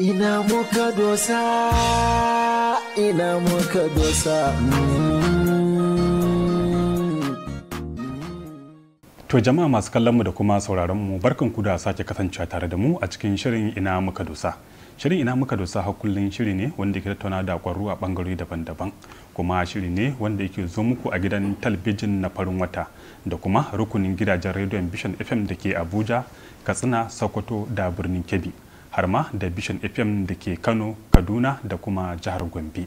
ina muka dosa ina muka dosa To jama'a masu kallon mu da kuma sauraron mu barkan ku da sake kasancewa tare da mu a cikin shirin ina muka dosa. Shirin ina muka dosa har shiri ne wanda ke tattauna da kwarru a bangarori daban-daban kuma shiri ne wanda yake zo muku a gidan talbijin na farin wata da kuma rukunin gidajen rediyon bishan FM da ke Abuja, Katsina, Sokoto da birnin Kebbi. harma da bishan fm da ke kano kaduna da kuma jihar gombe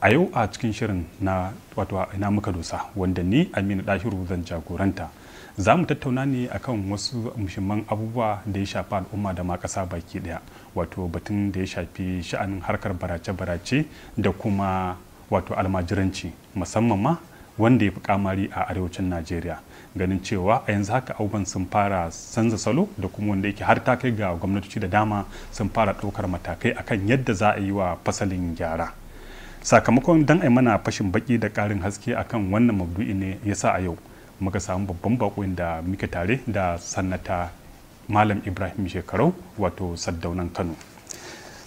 a yau a cikin shirin na wato ina muka dosa wanda ni aminu dahiru zan jagoranta za mu tattauna ne akan wasu muhimman abubuwa da ya shafi al'umma da ma ƙasa baki ɗaya wato batun da ya shafi sha'anin harkar barace-barace da kuma wato almajiranci musamman ma wanda ya fi kamari a arewacin najeriya ganin cewa a yanzu haka abubuwan sun fara sanza salo da kuma wanda yake har ta kai ga gwamnatoci da dama sun fara ɗaukar matakai akan yadda za a yi wa fasalin gyara sakamakon dan ai mana fashin baki da ƙarin haske akan wannan mabdu'i ne ya sa a yau muka samu babban bako da muke tare da sanata malam ibrahim shekarau wato saddaunan kano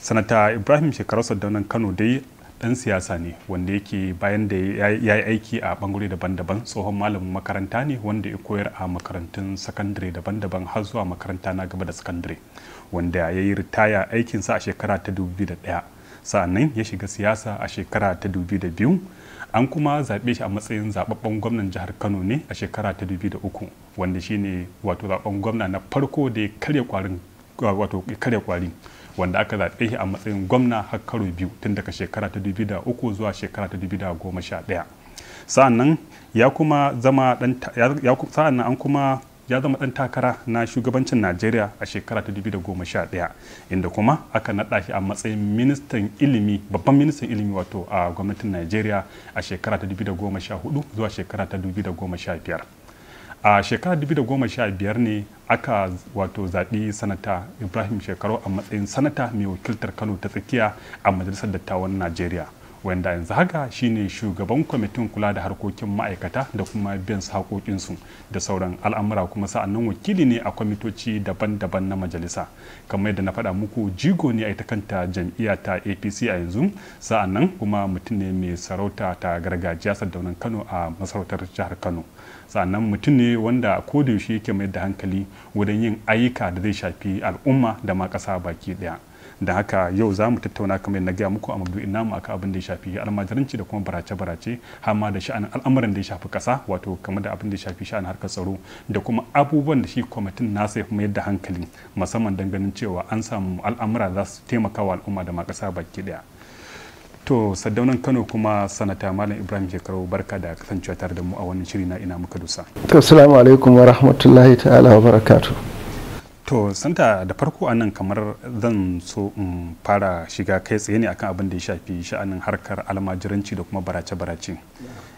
sanata ibrahim shekarau saddaunan kano dai dan siyasa ne wanda yake bayan da ya yi aiki a bangare daban-daban tsohon malamin makaranta ne wanda ya koyar a makarantun sakandare daban-daban har zuwa makaranta na gaba da sakandare wanda ya yi ritaya aikinsa a shekara ta 2001 sa'annan ya shiga siyasa a shekara ta 2002 an kuma zaɓe shi a matsayin zaɓaɓɓen gwamnan jihar kano ne a shekara ta 2003 wanda shine wato zaɓen gwamna na farko da ya karya kwarin karya kwari wanda aka zaɓe shi a matsayin gwamna har karo biyu tun daga shekara ta uku zuwa shekara ta 2011 sa'annan ya kuma zama sa'annan an kuma ya zama ɗan takara na shugabancin najeriya a shekara ta 2011 inda kuma aka naɗa shi a matsayin ministan ilimi babban ministan ilimi wato a gwamnatin najeriya a shekara ta 2014 zuwa shekara ta biyar. a shekarar 2015 ne aka wato zaɓi sanata ibrahim shekaru a matsayin sanata mai wakiltar kano ta tsakiya a majalisar dattawan najeriya wanda yanzu haka shine shugaban kwamitin kula da harkokin ma'aikata da kuma biyan haƙoƙinsu da sauran al'amura kuma sa'annan wakili ne a kwamitoci daban-daban na majalisa kamar yadda na faɗa muku jigo ne a ita kanta jam'iyya ta apc a yanzu sa'annan kuma mutum ne mai sarauta ta gargajiya sadaunan kano a masarautar jihar kano sannan mutum ne wanda ko da yaushe yake mai da hankali wajen yin ayyuka da zai shafi al'umma da ma ƙasa baki ɗaya da haka yau za mu tattauna kamar na gaya muku a ina namu akan abin da ya shafi almajiranci da kuma barace-barace har ma da sha'anin al'amuran da ya shafi ƙasa wato kamar da abin da ya shafi sha'anin harkar tsaro da kuma abubuwan da shi kwamitin nasa ya mayar da hankali musamman ganin cewa an samu al'amura za su taimaka wa al'umma da ma ƙasa baki ɗaya to saddaunan kano kuma sanata malam ibrahim shekaru barka da kasancewa tare da mu a wani shiri na ina muka dusa to assalamu alaikum wa rahmatullahi ta'ala wa barakatu to santa da farko a nan kamar zan so in fara shiga kai tsaye ne akan abin da ya shafi sha'anin harkar almajiranci da kuma barace-barace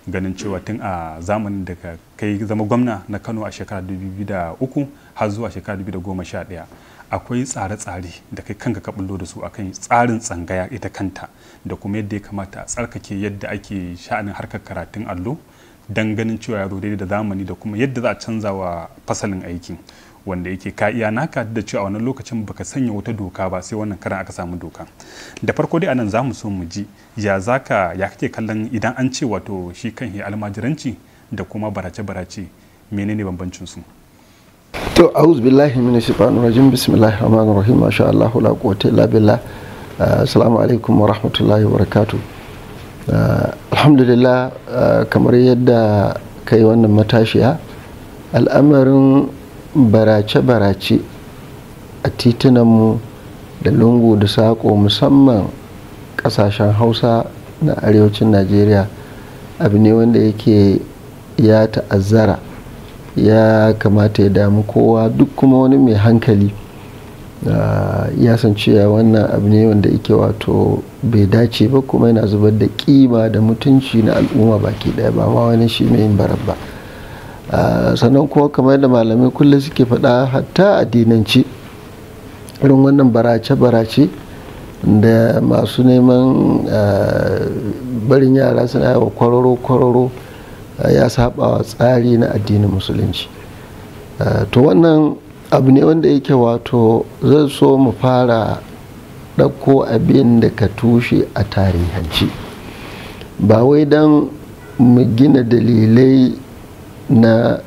ganin cewa tun a zamanin da kai zama gwamna na kano a shekara 2003 har zuwa shekara 2011 akwai tsare-tsare da kai kanka ka bullo da su akan tsarin tsangaya ita kanta da kuma yadda ya kamata a tsarkake yadda ake sha'anin harkar karatun allo don ganin cewa ya zo daidai da zamani da kuma yadda za a canza wa fasalin aiki wanda yake ka iya naka da cewa wannan lokacin baka sanya wata doka ba sai wannan karan aka samu doka da farko dai anan zamu so mu ji ya zaka ya kake kallon idan an ce wato shi kan almajiranci da kuma barace-barace menene bambancin su to a'udhu billahi minash shaitanir rajim bismillahir rahmanir rahim masha Allah la quwwata illa billah uh, alaikum wa rahmatullahi wa barakatuh uh, alhamdulillah uh, kamar yadda kai wannan matashiya al'amarin barace-barace a titunan mu da lungu da saƙo musamman ƙasashen hausa na arewacin najeriya abu ne wanda yake ya ta'azzara ya kamata ya damu kowa duk kuma wani mai hankali ah, ya san cewa wannan abu ne wanda yake wato bai dace ba kuma yana zubar da kima da mutunci na al'umma baki daya ba ma wani shi mai yin ba ah, sannan kuma kamar da malamai kullum suke faɗa hatta addinanci irin wannan barace-barace da masu neman ah, barin yara suna yawa kwararo-kwararo ya wa tsari na addinin musulunci eh, to wannan abu ne wanda yake wato zai so mu fara ɗauko abin da ka tushe a tarihanci ba wai don mu gina dalilai na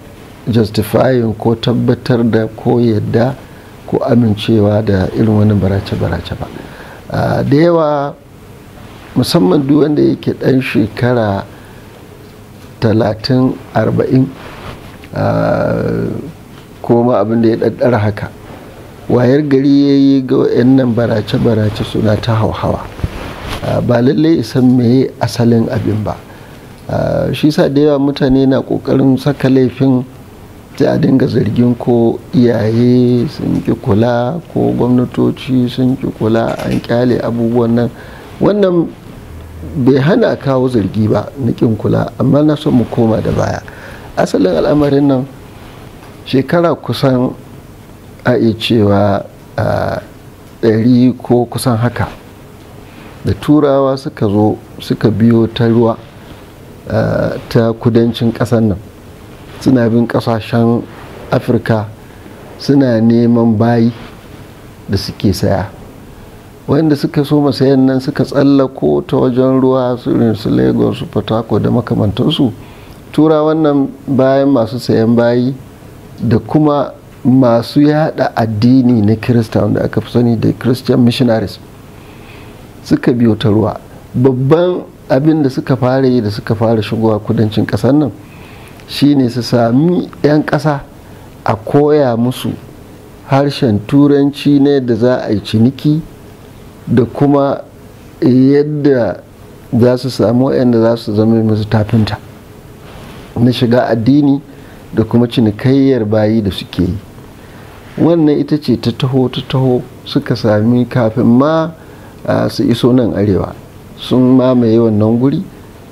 justifying ko tabbatar da ko yadda ko amincewa da irin wani barace-barace ba eh, da yawa musamman duk wanda yake ɗan shekara talatin arba'in ah, ko ma abin da ya ɗaɗɗara haka wayar gari ya yi ga nan barace-barace suna ta hauhawa ah, ba lallai isan mai asalin abin ba ah, shi sa da yawa mutane na ƙoƙarin saka laifin sai a dinga zargin ko iyaye sun ki kula ko gwamnatoci sun ki kula an kyale abubuwan nan wannan bai hana kawo zargi ba na ƙin kula amma na son mu koma da baya asalin al'amarin nan shekara kusan a iya cewa ɗari ko kusan haka da turawa suka zo suka biyo ta ruwa ta kudancin ƙasar nan suna bin ƙasashen afirka suna neman bayi da suke saya wanda suka so masayan nan suka tsallako ta wajen ruwa su irin su lagos su fatako da makamantansu tura wannan bayan masu sayan bayi da kuma masu yada addini na kirista wanda aka fi sani da christian missionaries suka biyo ta ruwa babban abin da suka fara yi da suka fara shigowa kudancin kasar nan shine su sami 'yan ƙasa a koya musu harshen turanci ne da za a yi ciniki da kuma yadda za su samu yadda za su zama masu tafinta na shiga addini da kuma cinikayyar bayi da suke yi wannan ita ce ta taho ta taho suka sami kafin ma su iso nan arewa sun mamaye wannan guri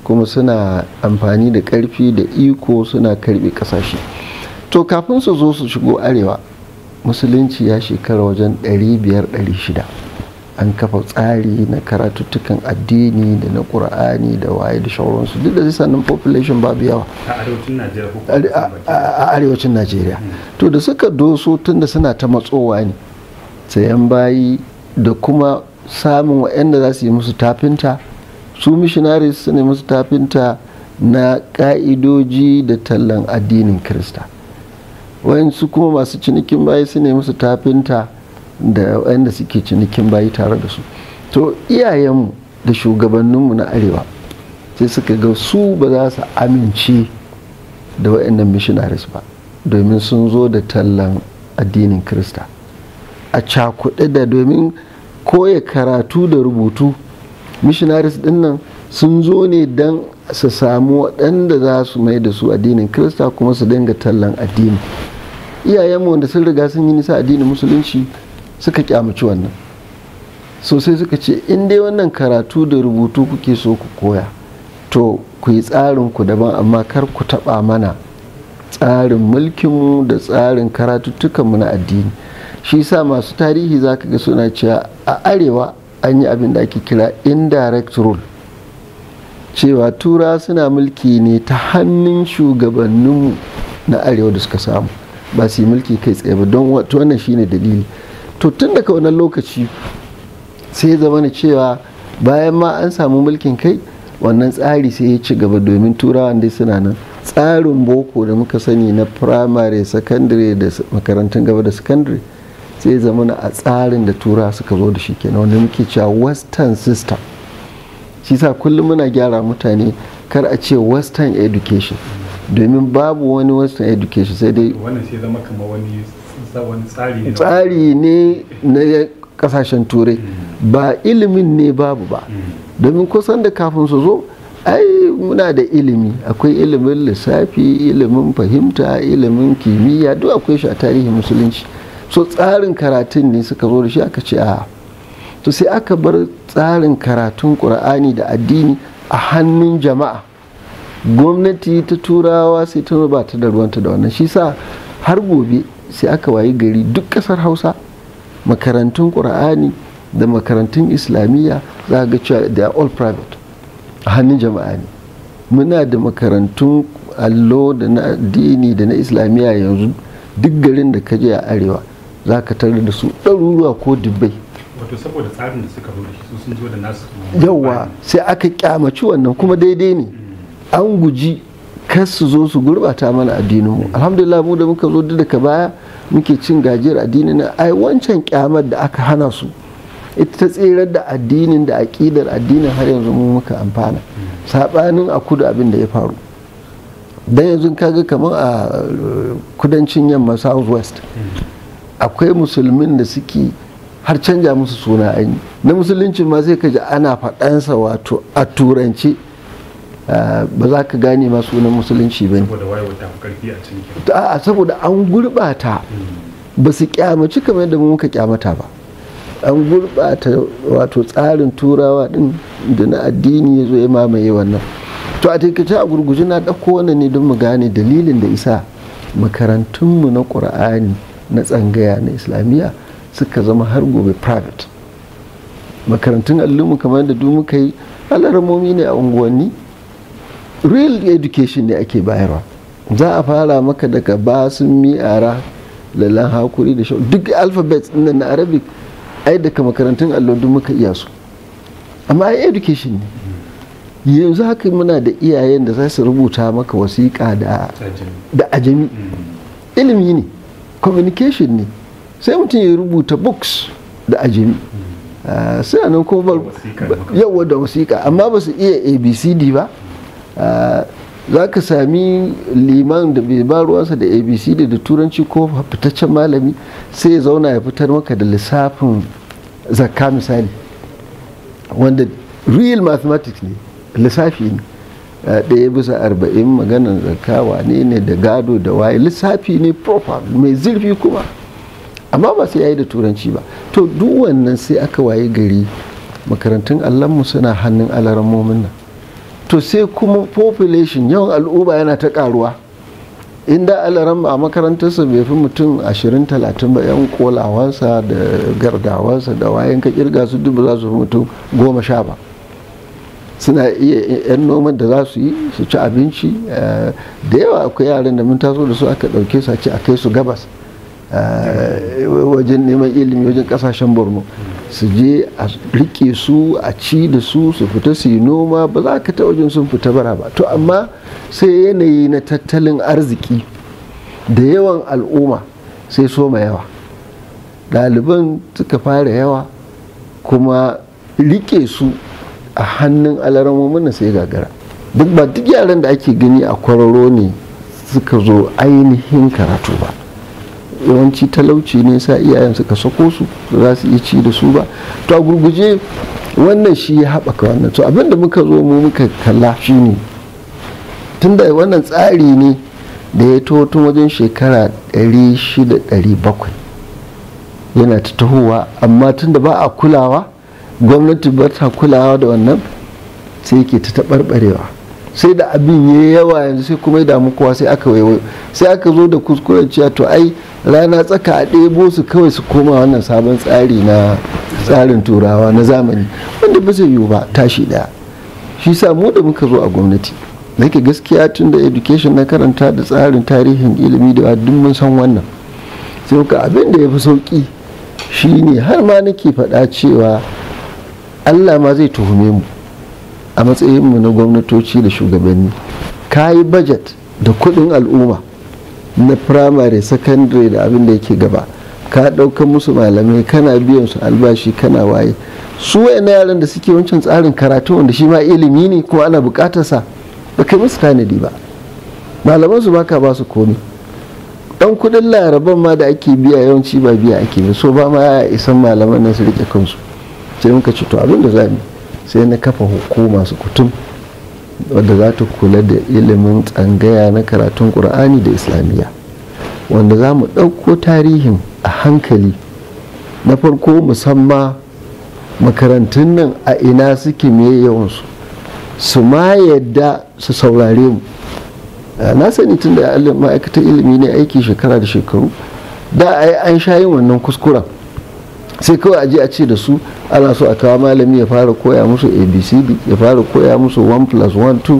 kuma suna amfani da karfi da iko suna karbe kasashe to kafin su zo su shigo arewa musulunci ya shekara wajen 500-600 an kafa tsari na karatuttukan addini da na ƙur'ani da waye da shauransu duk da sannan population babu yawa a arewacin najeriya hmm. to da suka doso tun da suna ta matsowa ne sayan bayi da kuma samun waɗanda za su yi musu tafinta su missionaries su ne musu tafinta na ƙa'idoji da tallan addinin kirista wayansu kuma masu cinikin bayi su ne musu tafinta da wanda suke cinikin bayi tare da su to iyayenmu da shugabanninmu na arewa sai suka ga su ba za su amince da waannan missionaries ba domin sun zo da tallan addinin krista a cakuɗe da domin koya karatu da rubutu missionaries ɗinnan sun zo ne don su samu waɗanda za su mai da su addinin krista kuma su dinga tallan addini iyayenmu wanda sun riga sun yi nisa addinin musulunci suka kyamaci wannan sosai suka ce in dai wannan karatu da rubutu kuke so ku koya to ku yi tsarin ku daban amma kar ku taɓa mana tsarin mulkinmu da tsarin karatuttukanmu na addini shi sa masu tarihi za ka ga suna cewa a arewa an yi abin da ake kira indirect rule cewa tura suna mulki ne ta hannun shugabanninmu na arewa da suka samu ba su yi mulki kai tsaye ba don wannan shine dalili to tun daga wannan lokaci sai ya zama cewa bayan ma an samu mulkin kai wannan tsari sai ya ci gaba domin turawa dai suna nan tsarin boko da muka sani na firamare sakandare da makarantar gaba da sakandare sai zama a tsarin da tura suka zo da shi kenan wanda muke cewa western system shi sa kullum muna gyara mutane kar a ce western education domin babu wani western education sai dai wannan sai zama kamar wani tsari ne na kasashen turai ba ilimin ne babu ba domin kusan da kafin su zo ai muna da ilimi akwai ilimin lissafi ilimin fahimta ilimin kimiyya duk akwai shi a tarihin musulunci so tsarin karatun ne suka zo da shi aka ce a to sai aka bar tsarin karatun ƙur'ani da addini a hannun jama'a gwamnati ta turawa sai ta ba ta da ruwanta da wannan shi sa har gobe sai aka wayi gari duk ƙasar hausa makarantun ƙur'ani da makarantun islamiyya za ga cewa da all private a hannun jama'a ne muna da makarantun allo da na addini da na islamiyya yanzu duk garin da ka je a arewa za ka tare da su ɗaruruwa ko dubbai wato sai aka kyamaci wannan kuma daidai ne mm. an guji kar su zo su gurbata mana addinin mu alhamdulillah mu da muka zo duk daga baya muke cin gajiyar addinin na ai wancan kyamar da aka hana su ita ta tserar da addinin da aƙidar addinin har yanzu mu muka amfana sabanin a kudu abin da ya faru dan yanzu kaga kamar a kudancin yamma south west akwai musulmin da suke har canja musu suna ai na musulunci ma sai ka ji ana faɗansa wato a turanci Eh, ba za ka gane ma sunan musulunci ba ne saboda an gurɓata hmm. ba su kyamaci kamar yadda muka kyamata ba an gurɓata wato tsarin turawa din da na addini ya zo ya mamaye wannan to a taikace a gurguje na ɗauko wannan ne don mu gane dalilin da isa makarantunmu na ƙur'ani na tsangaya na islamiyya suka zama har gobe private makarantun allumu kamar da duk muka yi alaramomi ne a unguwanni real education ne ake bayarwa za a fara maka daga basun miyara lallan hakuri da duk alphabets na arabic ai daga makarantun allodin muka iya su amma ai education ne yanzu haka muna da iyayen da za su rubuta maka wasiƙa da ajami ilimi ne communication ne sai mutum ya rubuta books da ajami ah, sai nan ko yawa da wasiƙa amma ba su iya abcd ba za ka sami liman da bai ba ruwansa da abc da da turanci ko fitaccen malami sai ya zauna ya fitar maka da lissafin zakka misali wanda real mathematics ne lissafi ne eh, ɗaya bisa arba'in maganar zakka wane ne da gado da waye lissafi ne proper mai zurfi kuma amma ba sai ya yi da turanci ba to duk wannan sai aka waye gari makarantun mu suna hannun alaramomin nan to sai kuma population yawan al'uba yana ta karuwa inda alaram a makarantarsa bai fi mutum 20-30 ba yan kolawansa da gardawansa da wayan ka kirga su duk za su fi mutum goma sha ba suna iya yan noman da za su yi su ci abinci eh, da yawa akwai yaran da mun taso da su aka ɗauke su a ce a kai su gabas Eh, wajen neman ilimi wajen kasashen borno su je a rike su a ci da su su fita su yi noma ba za ka ta wajen sun fita bara ba to amma sai yanayi na tattalin arziki da yawan al'umma sai soma yawa ɗaliban suka fara yawa kuma rike su a hannun alaramomin sai gagara duk ba duk yaran da ake gani a kwararo ne suka zo ainihin karatu ba yawanci talauci ne sa iyayen suka sako su za su iya ci da su ba to a gurguje wannan shi ya haɓaka wannan to abinda muka zo mu muka kalla shi ne tunda wannan tsari ne da ya taho tun wajen shekara 600-700 yana ta tahowa amma tunda ba a kulawa gwamnati ba ta kulawa da wannan sai ke ta taɓarɓarewa sai da abin ya yi yawa yanzu sai kuma damu kowa sai aka waiwai sai aka zo da kuskuren cewa to ai rana tsaka a ɗebo su kawai su koma wannan sabon tsari na tsarin turawa na zamani wanda ba zai yiwu ba tashi ɗaya shi sa mu da muka zo a gwamnati da ke gaskiya tun da education na karanta da tsarin tarihin ilimi da duk mun san wannan sai muka abin da ya fi sauki shine har ma nake faɗa cewa allah ma zai tuhume mu a matsayinmu na gwamnatoci da shugabanni ka yi budget da kudin al'umma na primary secondary da abin da yake gaba ka ɗauka musu malamai kana biyan su albashi kana waye su na yaran da suke wancan tsarin karatu wanda shi ma ilimi ne kuma ana bukatarsa ba kai musu tanadi ba malaman su baka ba su komi dan kudin laraban ma da ake biya yawanci ba biya ake so ba ma ya isan malaman nan su rike kansu sai muka ci to abin da za mu sai na kafa hukuma su kutum wadda za ta kula da ilimin tsangaya na karatun ƙur'ani da islamiyya wanda za mu ɗauko tarihin a hankali na farko musamman makarantun nan a ina suke me yawansu su ma yadda su saurare mu na sani tun da ma'aikatar ilimi ne aiki shekara da shekaru da a yi an sha yin wannan kuskuren sai kawai aje a ce da su ana so a kawo malami ya fara koya musu abcd ya fara koya musu 1 plus 1 2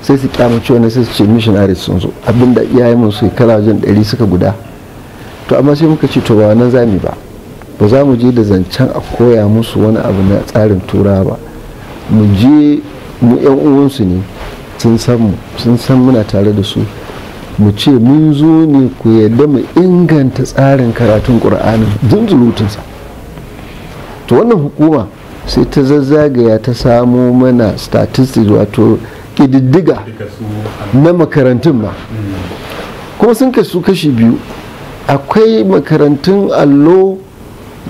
sai su kyamaci wani sai su ce missionaries sun zo abinda iyayenmu su kala wajen ɗari suka guda to amma sai muka ce to ba wannan zami ba ba za mu je da zancen a koya musu wani abu na tsarin tura ba mu je mu yan uwansu ne sun san muna tare da su mu ce mun zo ne ku yadda mu inganta tsarin karatun kur'anin zunzulutunsa to wannan hukuma sai ta zazzagaya ta samo mana statistics wato kididdiga na makarantun ma kuma sun kasu kashi biyu akwai makarantun allo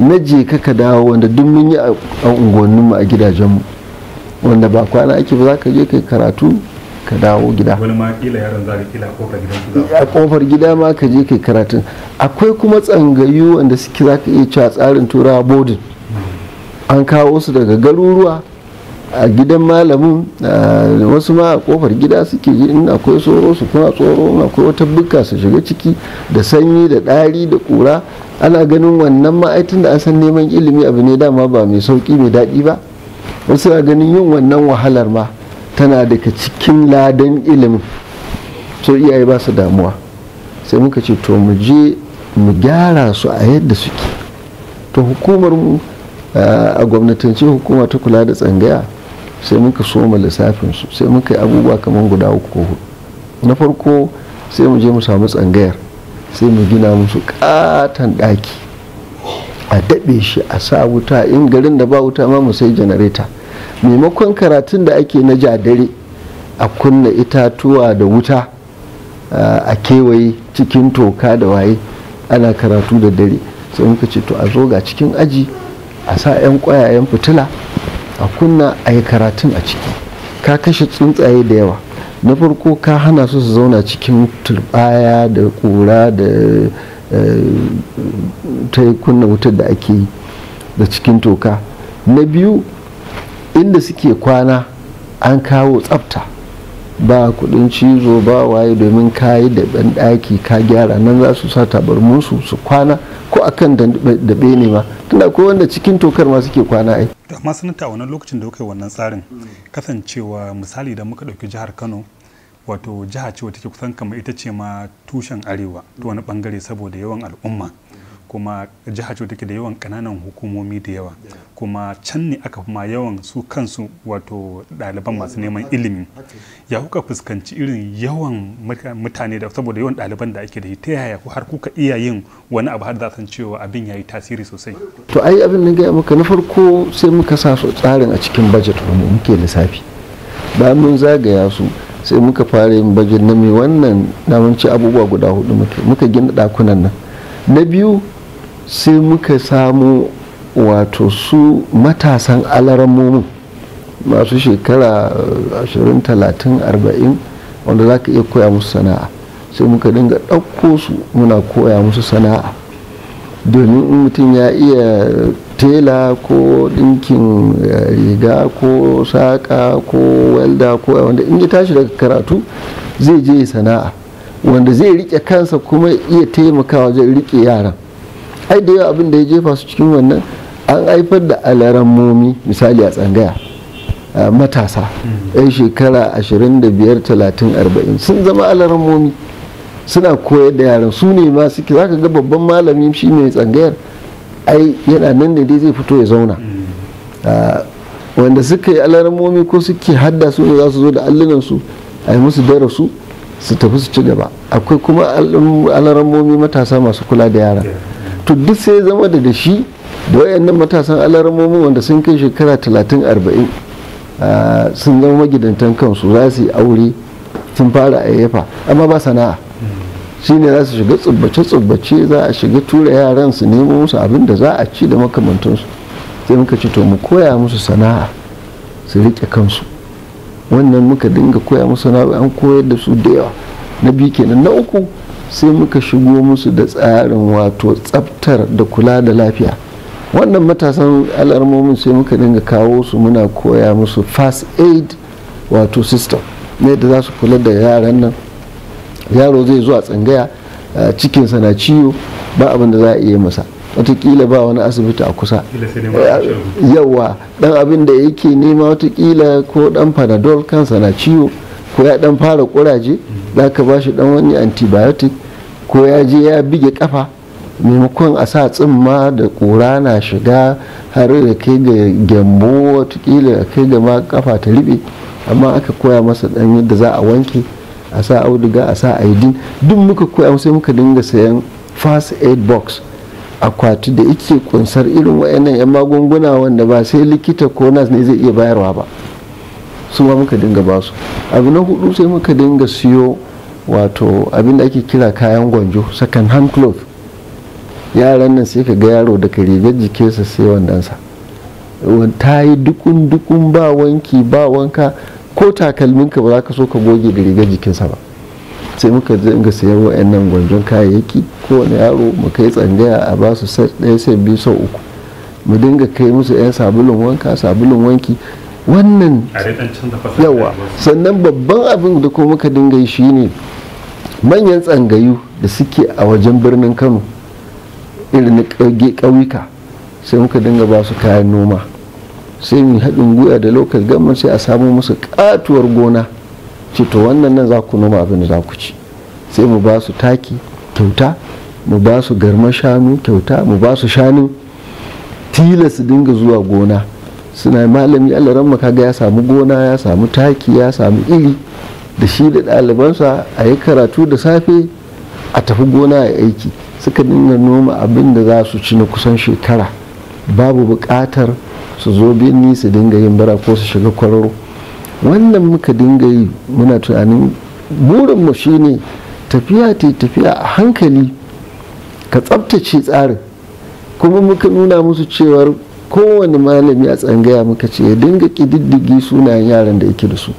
na je ka dawo wanda duk mun yi a unguwanninmu a gidajenmu wanda ba kwana ake ba za ka je kai karatu ka dawo gida ma kila gida a kofar gida ma ka je kai karatu akwai kuma tsangayu wanda suke za ka iya cewa tsarin turawa bodin an kawo su daga garuruwa a gidan malamin wasu ma a kofar gida suke ji in akwai tsoro su kuma tsoro na akwai wata bukka su shiga ciki da sanyi da ɗari da ƙura ana ganin wannan ma'aitin da an san neman ilimi abu ne dama ba mai sauƙi mai daɗi ba wasu na ganin yin wannan wahalar ma tana daga cikin ladan ilimin so iyaye ba su damuwa sai muka ce to mu je mu gyara su a yadda suke to hukumar mu a gwamnatance hukuma ta kula da tsangaya sai muka soma lissafin su sai muka yi abubuwa kamar guda uku hudu na farko sai mu je mu samu tsangayar sai mu gina musu katon daki a daɗe shi a sa wuta in garin da ba wuta ma mu sai janareta maimakon karatun da ake na jadare a kunna itatuwa da wuta a kewaye cikin toka da waye ana karatu da dare sai muka ce to a zo ga cikin aji a sa 'yan kwayayen fitila a kunna a yi karatun a ciki ka kashe tsuntsaye da yawa na farko ka hana su su zauna cikin turbaya da ƙura da eh, ta kunna wutar da ake yi da cikin toka na biyu inda suke kwana an kawo tsabta. ba kudin cizo ba waye domin kayi da ban daki ka gyara nan za su sa tabarmunsu su kwana ko akan da ne ma tunda ko wanda cikin tokar ma suke kwana ai to amma sanata wannan lokacin da kai wannan tsarin kasancewa misali da muka dauki jihar Kano wato jiha ce wata take kusan kamar ita ce ma tushen arewa to wani bangare saboda yawan al'umma kuma jihar ce take da yawan kananan hukumomi da yawa kuma can ne aka ma yawan su kansu wato ɗaliban masu neman ilimi ya kuka fuskanci irin yawan mutane da saboda yawan ɗaliban da ake da ta yaya ko har kuka iya yin wani abu har za san cewa abin ya yi tasiri sosai to ai abin da gaya muka na farko sai muka sa su tsarin a cikin budget mu muke lissafi bayan mun zagaya su sai muka fara yin budget na mai wannan na abubuwa guda hudu muke muka gina ɗakunan nan na biyu sai muka samu wato su matasan alarammomin masu shekara 20 30 40 wanda za ka iya koya musu sana'a sai muka dinga ɗauko su muna koya musu sana'a domin mutum ya iya tela ko ɗinkin eh, riga ko saƙa ko welda ko wanda in ya tashi daga karatu zai je sana'a wanda zai riƙe kansa kuma iya taimakawa zai rike yaran ai da yawa abin da ya jefa su cikin wannan an haifar da alaran misali a tsangaya matasa yan shekara 25 30 40 sun zama alaran suna koyar da yaran su ne ma suke zaka ga babban malami shi mai tsangayar ai yana nan ne dai zai fito ya zauna wanda suka yi alarmomi ko suke hadda su ne za su zo da allunan su a yi musu darasu su tafi su ci gaba akwai kuma alarmomi matasa masu kula da yara to duk sai zama da da shi da wayannan matasan alarmomi wanda sun kai shekara talatin arba'in sun zama magidantan kansu za su yi aure sun fara ayyafa amma ba sana'a shine za su shiga tsubbace-tsubbace za a shiga tura yaran su nemo musu abin da za a ci da makamantansu sai muka ci to mu koya musu sana'a su riƙe kansu wannan muka dinga koya musu sana'a an koyar da su da yawa na biyu kenan na uku sai muka shigo musu da tsarin wato tsaftar da kula da lafiya wannan matasan al'armomin sai muka dinga kawo su muna koya musu fast aid wato system ne da za su kula da yaran nan yaro zai zuwa tsangaya cikinsa na ciwo ba abin da za a iya masa watakila ba wani asibiti a kusa yawa dan abin da yake nema watakila ko dan panadol kansa na ciwo ko ya dan fara kuraje za ka ba shi dan wani antibiotic ko ya je ya bige kafa maimakon a sa tsimma da ƙura na shiga har da kai ga gyambo watakila da kai ga ma kafa ta riɓe amma aka koya masa dan yadda za a wanke a sa auduga a sa aidin duk muka koya sai muka dinga sayan first aid box akwati da ike kunsar irin wayannan 'yan magunguna wanda ba sai likita ko nas ne zai iya bayarwa ba su ma muka dinga ba su abu na hudu sai muka dinga siyo wato abin ake kira kayan gwanjo second hand cloth yaran nan sai ka ga yaro da ka rigar jikinsa sai wandansa ta yi dukun dukun ba wanki ba wanka ko takalminka ba za ka so ka goge da rigar jikinsa ba sai muka dinga sayan wa'annan gwanjon kayayyaki ko wani yaro mu kai tsangaya a ba su sai ɗaya sai biyu sau uku mu dinga kai musu 'yan sabulun wanka sabulun wanki wannan yawa sannan babban abin da kuma muka dinga yi shine manyan tsangayu da suke a wajen birnin kano irin na ƙauyuka sai muka dinga ba su kayan noma sai mu haɗin guya da lokal gamman sai a samu musu katuwar gona ce to wannan nan za ku noma abin da za ku ci sai mu ba su taki kyauta mu ba su garma shanu kyauta mu ba su shanu tilas dinga zuwa gona suna malami allah ramma ga ya samu gona ya samu taki ya samu iri da shi da ɗalibansa a yi karatu da safe a tafi gona ya aiki suka dinga noma abin da za su ci na kusan shekara babu buƙatar su zo birni su dinga yin bara ko su shiga kwararo wannan muka dinga yi muna tunanin burin burinmu shine tafiya ta tafiya a hankali ka tsabtace tsarin kuma muka nuna musu cewar kowane malam ya tsangaya muka ce ya dinga kididdigi sunayen yaran da yake da su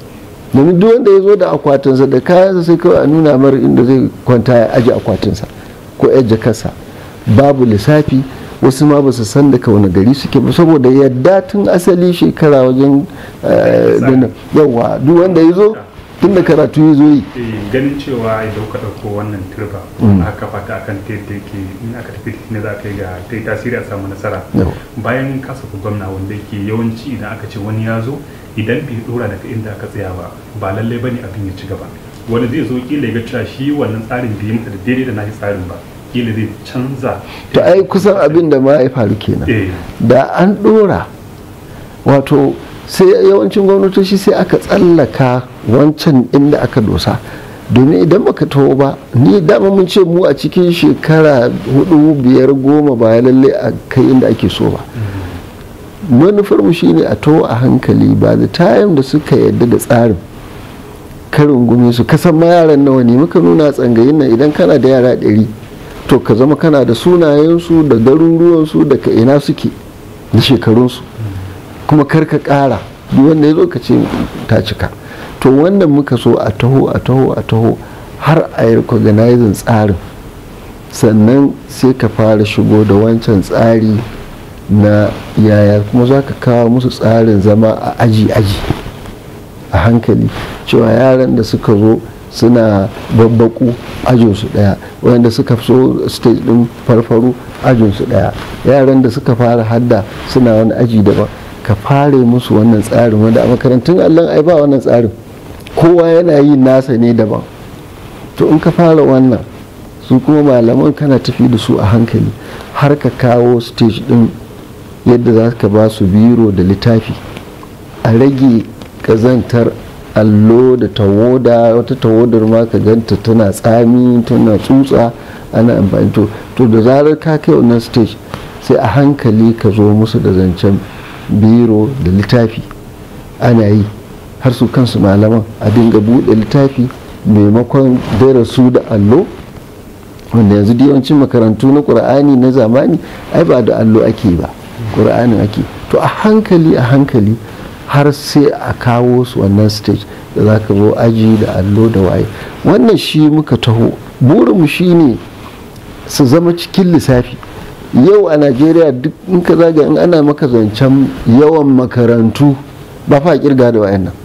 domin duk wanda ya zo da akwatinsa da kayansa sai kawai a nuna mara inda zai kwanta ya aji akwatinsa ko ya jakarsa babu lissafi wasu ma ba su san da kawana gari suke ba saboda yadda tun asali shekara wajen eh, yawa duk wanda ya zo tun da karatu ya zo yi eh, ganin cewa idan ka ɗauko wannan turba mm. aka fata akan ta yake in aka tafi ne za ka yi ga ta yi tasiri a samu nasara bayan ka saku gwamna wanda yake yawanci idan aka ce wani ya zo idan bai dora daga inda aka tsaya ba ba lallai bane abin ya ci gaba wani zai zo kila ya ga cewa shi wannan tsarin bai mata da daidai da nashi tsarin ba kila zai canza to ai kusan abin da ma ya faru kenan eh. da an dora wato sai yawancin gwamnatoci sai aka tsallaka wancan inda aka dosa domin idan baka taho ba ni dama mun ce mu a cikin shekara hudu biyar goma ba lalle a kai inda ake so ba manufar mu shine a taho a hankali ba da tayan da suka yadda da tsarin karin gumi su kasan ma yaran nawa ne muka nuna tsangayin nan idan kana da yara ɗari to ka zama kana da sunayensu da garuruwansu da ka ina suke da shekarunsu kuma karka ƙara wanda ya zo ka ce ta cika to wanda muka so a taho a taho a taho har a yi recognizing tsarin sannan sai ka fara shigo da wancan tsari na yaya kuma za ka kawo musu tsarin zama a aji-aji a hankali cewa yaran da suka zo suna babbaku ajinsu daya wanda suka so stage din farfaro ajinsu daya yaran da suka fara hadda suna wani aji daban ka fara musu wannan tsarin wanda a makarantun allon ai ba wannan tsarin kowa yana yi nasa ne daban to in ka fara wannan su kuma malaman kana tafi da su a hankali har ka kawo stage din yadda za ka ba su biro da littafi a rage kazantar allo da tawoda wata tawodar ma ka ganta tana tsami tana tsutsa ana amfani to da zarar ka kai wannan stage sai a hankali ka zo musu da zancen biro da littafi ana yi har su kansu malaman a dinga buɗe littafi maimakon daira da allo wanda yanzu yawancin makarantu na ƙura'ani na zamani ai ba da allo ake ba ƙur'anin ake to a hankali a hankali har sai a kawo su wannan stage da za ka zo aji da allo da waye wannan shi muka taho burinmu shine su zama cikin lissafi yau a najeriya duk in ka zaga in ana maka zancen yawan makarantu ba fa kirga da wayannan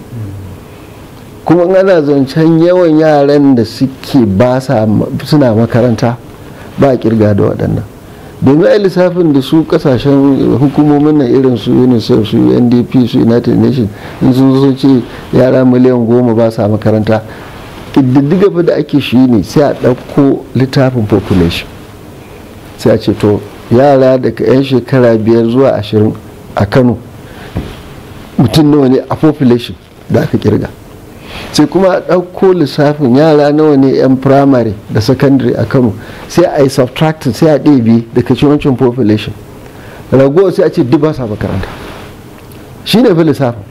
kuma in ana zancen yawan yaran da suke ba suna makaranta ba kirga da waɗannan domin a lissafin da su kasashen hukumomin na irin su unicef su ndp su united nations in sun zo ce yara miliyan goma ba sa makaranta ƙididdiga da ake shi ne sai a ɗauko littafin population sai a ce to yara daga 'yan shekara biyar zuwa ashirin a kano mutum nawa ne a population da aka kirga sai kuma a ɗauko lissafin yara nawa ne 'yan primary da secondary a kano sai a yi subtracting sai a ɗebe daga cikin population ragowar sai a ce duk sa makaranta shi ne fi lissafin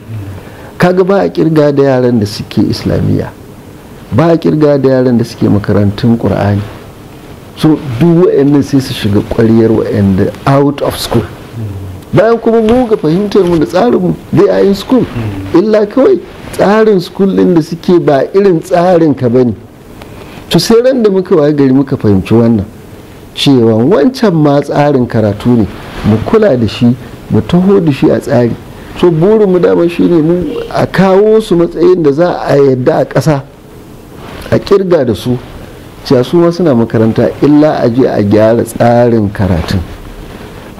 kaga ba a kirga da yaran da suke islamiyya ba a kirga da yaran da suke makarantun ƙur'ani so duk nan sai su shiga ƙwariyar wa'anda out of school bayan kuma mu ga fahimtar mu da tsarinmu dai a yin school illa kawai tsarin school ɗin da suke ba irin tsarin ka ba ne to sai ran da muka waye gari muka fahimci wannan cewa wancan ma tsarin karatu ne mu kula da shi mu taho da shi a tsari so burin mu dama shine mu a kawo su matsayin da za a yadda a ƙasa a kirga da su cewa su ma suna makaranta illa a je a gyara tsarin karatun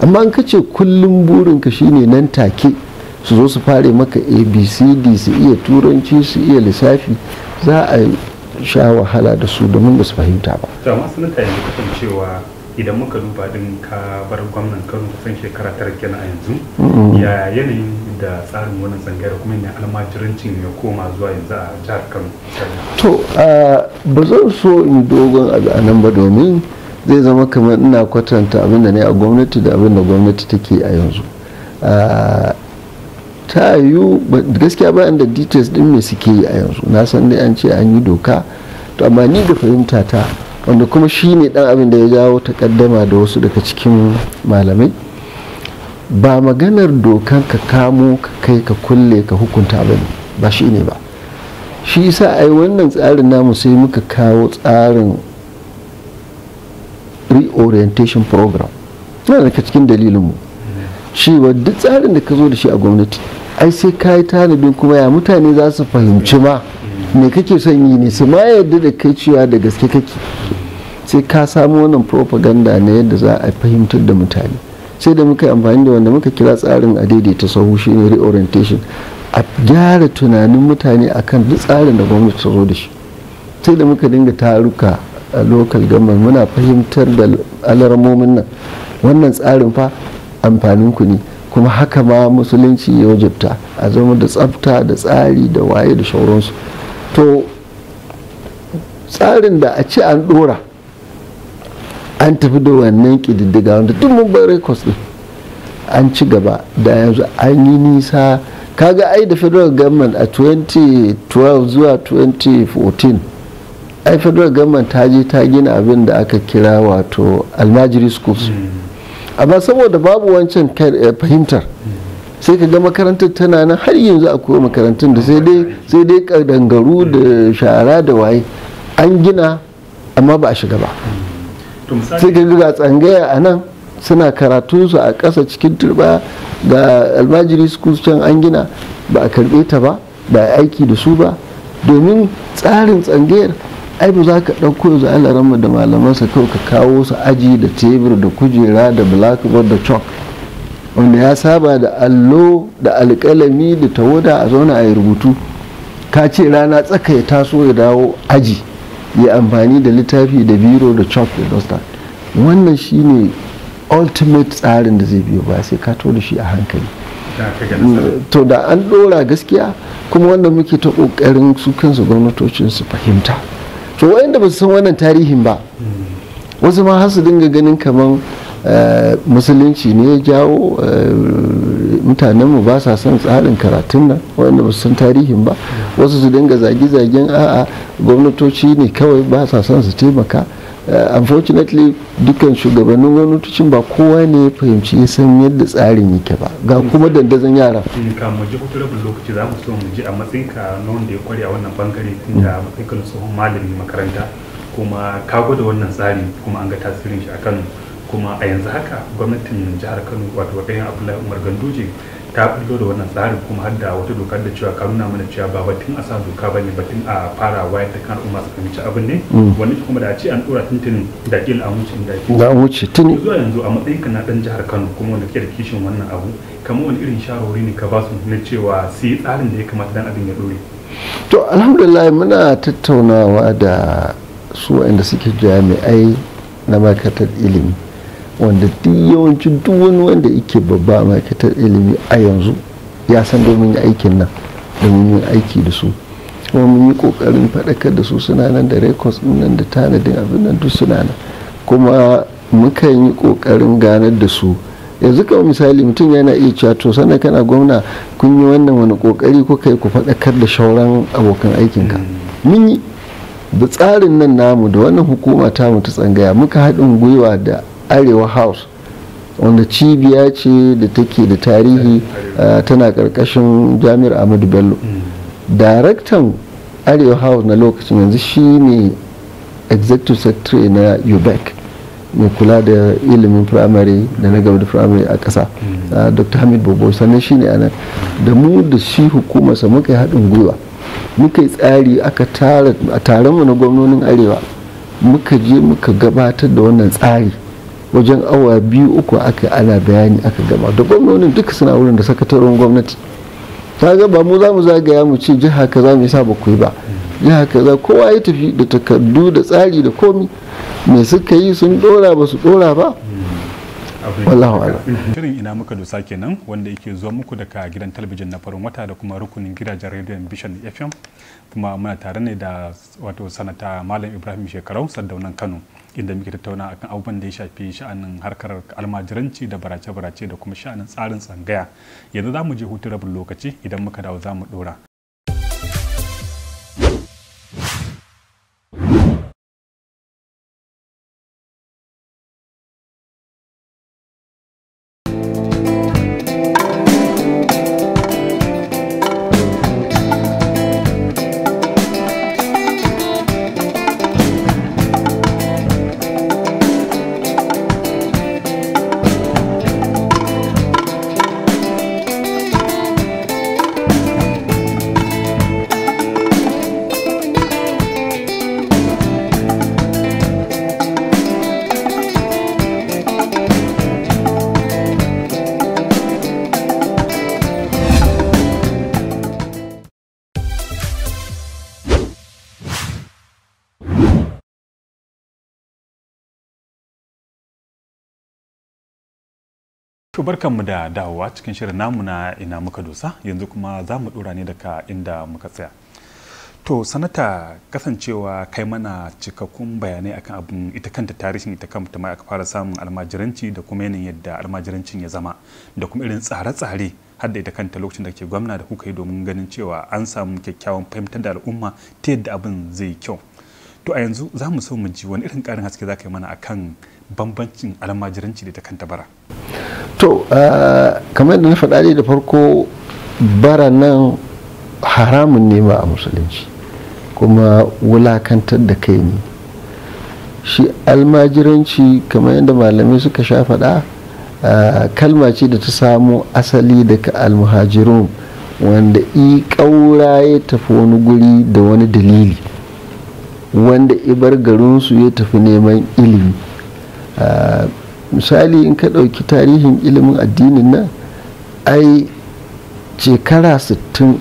amma in kace kullum burinka shine nan take su zo su fare maka abcd su iya turanci su iya lissafi za a sha wahala da su domin ba su fahimta ba. idan muka duba din ka bar gwamnan kano kusan shekara tara kenan a yanzu ya yanayin da tsarin wannan zangare kuma ne almajirancin ya koma zuwa yanzu a jihar kano to ba zan so in dogon abu a nan ba domin zai zama kamar ina kwatanta abin da ne a gwamnati da abin da gwamnati take a yanzu ta yiwu gaskiya bayan da details din me suke yi a yanzu na san dai an ce an yi doka to amma ni da fahimta ta wanda kuma shi ne dan abin da ya jawo takaddama da wasu daga cikin malamai ba maganar dokan ka kamo ka kai ka kulle ka hukunta ba ne ba shi ne ba shi isa ai wannan tsarin namu sai muka kawo tsarin reorientation program na daga cikin dalilinmu cewa duk tsarin da ka zo da shi a gwamnati ai sai ka yi tanadin kuma ya mutane za su fahimci ma me kake son yi ne su ma yadda da kai cewa da gaske kake sai ka samu wannan propaganda na yadda za a fahimtar da mutane sai da muka amfani da wanda muka kira tsarin a daidaita sahu ne reorientation a gyara tunanin mutane akan duk tsarin da gwamnati ta zo da shi sai da muka dinga taruka a local government muna fahimtar da alarmomin nan wannan tsarin fa amfanin ku ne kuma haka ma musulunci ya wajibta a zama da tsafta da tsari da waye da shauransu to tsarin da a ce an dora an tafi da wannan kididdiga wanda duk mun bar records din an ci gaba da yanzu an yi nisa kaga ai da federal government a 2012 zuwa 2014 ai federal government ta je ta gina abin da aka kira wato almajiri schools hmm. amma saboda babu wancan eh, fahimtar sai ka ga makarantar tana nan har yanzu akwai makarantun da sai dai sai dai kadangaru da shara da waye an gina amma ba a shiga ba sai ka ga tsangaya a nan suna su a ƙasa cikin turba ga almajiri schools can an gina ba a karɓe ta ba ba a aiki da su ba domin tsarin tsangayar ai ba za ka ɗauko yanzu alaranmu da malamansa kawai ka kawo su aji da tebur da kujera da blackboard da chalk wanda ya saba da allo da alƙalami da tawada a zauna a yi rubutu ka ce rana tsaka ya taso ya dawo aji ya amfani da littafi da biro da chalk da dosta wannan shine ultimate tsarin da zai biyo ba sai ka shi a hankali mm, to da an dora gaskiya kuma wanda muke ta kokarin su kansu gwamnatocin su fahimta to wayanda ba su san wannan tarihin ba mm. wasu ma har su dinga ganin kamar musulunci ne ya jawo eh, mutanenmu ba sa son tsarin karatun nan wanda ba san tarihin ba wasu su dinga zage-zagen a'a gwamnatoci ne kawai ba sa son su taimaka eh, unfortunately dukkan shugabannin gwamnatocin ba kowa ne ya fahimci ya san yadda tsarin yake ba ga kuma dandazon yara lokaci zamu so mu ji a ya kware a bangare da kan tsohon makaranta kuma ka gwada wannan tsari kuma an ga tasirin shi akan kuma a yanzu haka gwamnatin jihar kano wato ɗayan abdullahi umar ganduje ta fito da wannan tsarin kuma har da wata dokar da cewa ka nuna mana cewa ba batun a sa doka bane batun a fara wayar da kan al'umma su fahimci abin ne mm. wani kuma da ce an dora tuntunin da kila a wuce inda ke ba wuce tuni zuwa yanzu a matsayin ka na dan jihar Kano kuma wanda kake kishin wannan abu kamar wani irin shawarwari ne ka ba su na cewa su yi tsarin da ya kamata dan abin ya dore to alhamdulillah muna tattaunawa da su waɗanda suke jami'ai na ma'aikatar ilimi wanda duk yawancin duk wani wanda yake babba ma'aikatar ilimi a yanzu ya san domin yi aikin nan domin yin aiki da su kuma mun yi kokarin faɗakar da su suna nan da records nan da tanadin abin nan duk suna nan kuma mukan yi kokarin ganar da su yanzu kawai misali mutum yana iya cewa to sannan kana gwamna kun yi wannan wani kokari kuka yi ku faɗakar da shauran abokan aikinka mm. mun yi da tsarin nan namu da wannan hukuma ta mu ta tsangaya muka haɗin gwiwa da arewa house wanda cibiya ce da take da tarihi ah, tana karkashin jami'ar ahmadu bello mm. daraktan arewa house na lokacin yanzu shine executive secretary na ubec mai kula da ilimin firamare da na gaba da firamare a ƙasa mm. ah, dr hamid bobo sannan shine anan da mu da shi hukumarsa muka yi haɗin gwiwa muka yi tsari aka tara a taronmu na gwamnonin arewa muka je muka gabatar da wannan tsari wajen awa biyu uku aka ana bayani aka gama da gwamnonin duka suna wurin da sakataren gwamnati ta gaba mu za mu zagaya mu ce jiha kaza me sa ba ku yi ba jiha kaza kowa ya tafi da takardu da tsari da komi mai suka yi sun dora ba su dora ba shirin ina muka dosa kenan wanda yake zuwa muku daga gidan talabijin na farin wata da kuma rukunin gidajen rediyon bishan fm kuma muna tare ne da wato sanata malam ibrahim shekarau sardaunan kano inda muke tattauna akan abubuwan da ya shafi sha'anin harkar almajiranci da barace-barace da kuma sha'anin tsarin tsangaya yanzu za mu je hutu rabin lokaci idan muka dawo za mu dora To barkanmu da dawowa cikin shirin namu na ina muka dosa yanzu kuma za mu dora ne daga inda muka tsaya. To sanata kasancewa kai mana cikakkun bayanai akan abin ita kanta tarihin ita kanta mai aka fara samun almajiranci da kuma yanayin yadda almajirancin ya zama da kuma irin tsare-tsare har da ita kanta lokacin da ke gwamna da kuka yi domin ganin cewa an samu kyakkyawan fahimtar da al'umma ta yadda abin zai kyau. to a yanzu za mu so mu ji wani irin karin haske za ka yi mana akan bambancin almajiranci da ta kanta bara to kamar da na faɗa da farko bara nan haramun ne ba a musulunci kuma wulakantar da kai ne shi almajiranci kamar yadda malamai suka sha faɗa kalma ce da ta samo asali daga almuhajirun wanda i ƙaura ya tafi wani guri da wani dalili wanda ibar garinsu ya tafi neman ilimi misali in ka ɗauki tarihin ilimin addinin nan ai shekara 60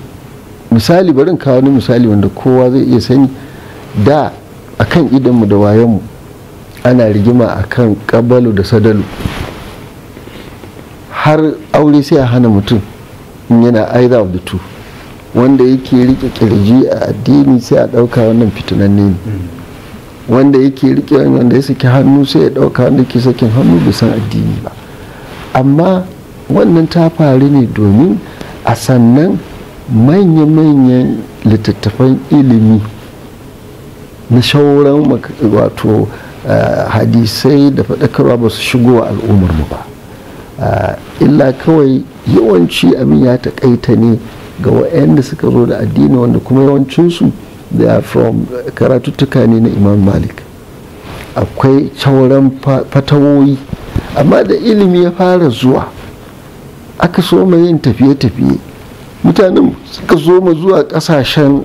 misali barin kawo wani misali wanda kowa zai iya sani da akan idanmu da wayanmu ana rigima a kan kabalu da sadalu har aure sai a hana mutum yana either of the two wanda yake rike kirji a addini sai a ɗauka wannan fitinanne ne wanda yake rike wanda ya saki hannu sai ya ɗauka wanda ke sakin hannu bai san addini ba amma wannan ta faru ne domin a sannan manya-manyan littattafan ilimi na shauran wato eh, hadisai da faɗakarwa ba su shigo al'ummar mu ba eh, illa kawai yawanci abin ya taƙaita ne ga wa'anda suka zo da addini wanda kuma yawancinsu da from uh, karatuttuka ne na imam malik akwai cauran fatawoyi amma da ilimi ya fara zuwa aka so ma yin tafiye-tafiye mutanen suka zo ma zuwa kasashen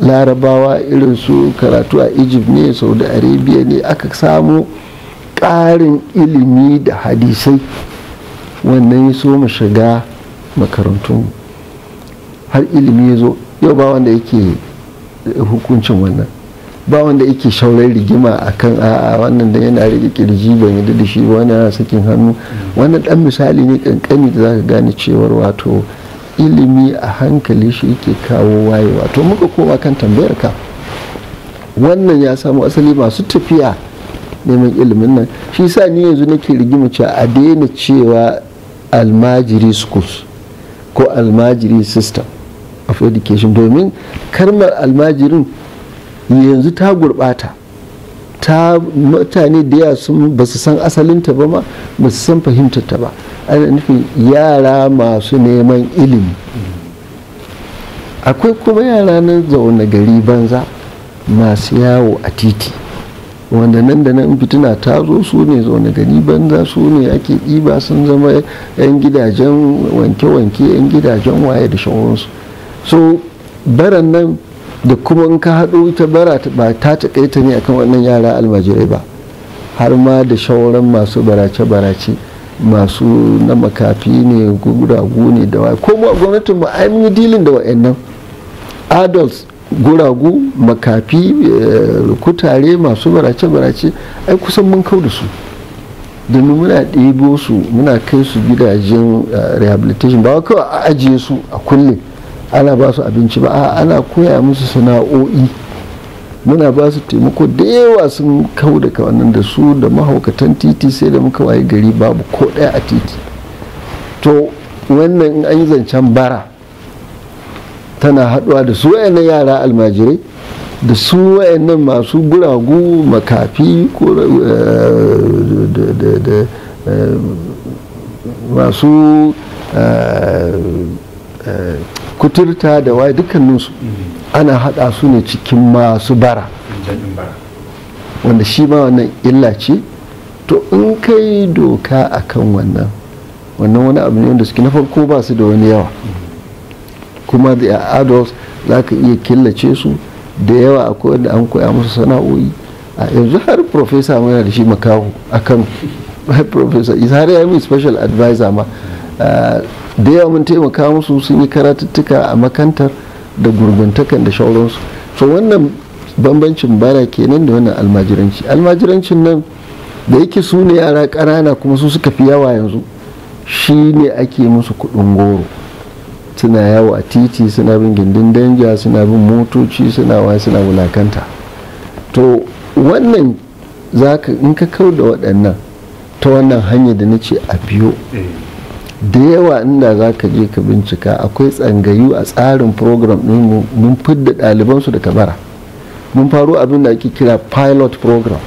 larabawa irin su karatu a egypt ne saudi arabia ne aka samu ƙarin ilimi da hadisai wannan ya so mu shiga makarantunmu har ilimi ya zo yau ba wanda yake hukuncin wannan ba wanda yake shaurar rigima a kan a'a wannan da yana rike kirji ban yadda da shi ba wani yana sakin hannu wannan dan misali ne kankani da zaka gane cewar wato ilimi a hankali shi yake kawo wayewa to muka koma kan tambayar ka wannan ya samu asali masu tafiya neman ilimin nan shi sa ni yanzu nake rigima cewa a daina cewa almajiri schools ko almajiri system of education domin karmar almajirin yanzu ta gurbata ta mutane da yawa sun ba su san asalinta ba ma ba su san fahimtarta ba ana nufin yara masu neman ilimi akwai kuma yara na zaune gari banza masu yawo a titi wanda nan da nan fitina ta zo su ne zaune gari banza su ne ake ɗiba sun zama 'yan gidajen wanke-wanke 'yan gidajen waye da shawararsu so baran nan da kuma in ka haɗo ita bara ba ta taƙaita ne akan wannan yara almajirai ba har ma da shawaran masu barace-barace masu na makafi ne guragu ne da wa ko a gwamnatin mu an yi dilin da wa'annan adults guragu makafi eh, kutare masu barace-barace ai kusan mun kau da su domin muna ɗebo su muna kai su gidajen eh, rehabilitation ba kawai a ajiye su a kullum ana ba su abinci ba a ana koya musu sana'o'i muna ba su taimako da yawa sun kau da wannan da su da mahaukatan titi sai da muka waye gari babu ko ɗaya a titi to wannan in an yi zancen bara tana haɗuwa da su wayannan yara almajirai da su wayannan masu guragu makafi ko eh, da eh, masu eh, kuturta da waye dukkaninsu ana haɗa su ne cikin masu bara wanda shi ma wannan illa ce to in kai doka akan wannan wannan wani abu ne wanda suke na farko ba su da wani yawa kuma da adults za ka iya killace su da yawa akwai wanda an koya musu sana'o'i a yanzu har profesa mana da shi makaho kan profesa isa har ya yi special advisor ma uh, da yawa mun taimaka musu sun yi karatuttuka a makantar da gurguntakan da shauransu so wannan bambancin bara kenan da wannan almajiranci almajirancin nan da yake su ne yara ƙanana kuma su suka fi yawa yanzu shi ne ake musu kuɗin goro suna yawo a titi suna bin gindin danja suna bin motoci suna wa suna wulakanta to wannan za ka in ka kau da waɗannan ta wannan hanyar da na ce a biyo eh. da yawa inda za ka je ka bincika akwai tsangayu a tsarin program ɗinmu mun fidda ɗalibansu da bara mun faru abin da ake kira pilot program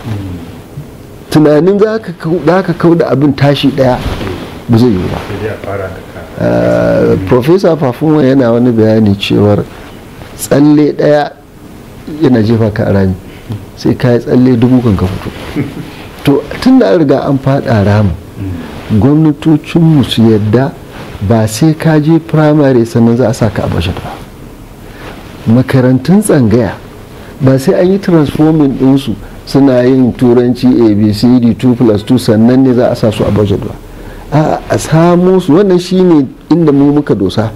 tunanin za ka kau da abin tashi ɗaya ba zai yi ba eh, professor fafunwa yana wani bayani cewar tsalle ɗaya yana jefa ka rami sai ka yi tsalle dubu kan ka fito to tun da riga an faɗa ramin gwamnatocinmu su yadda ba sai ka je firamare sannan za a sa ka a budget ba makarantun tsangaya ba sai an yi transforming ɗinsu suna yin turanci abcd 2 plus 2 sannan ne za a sa su a bajet ba a samo su wannan shine inda mu muka dosa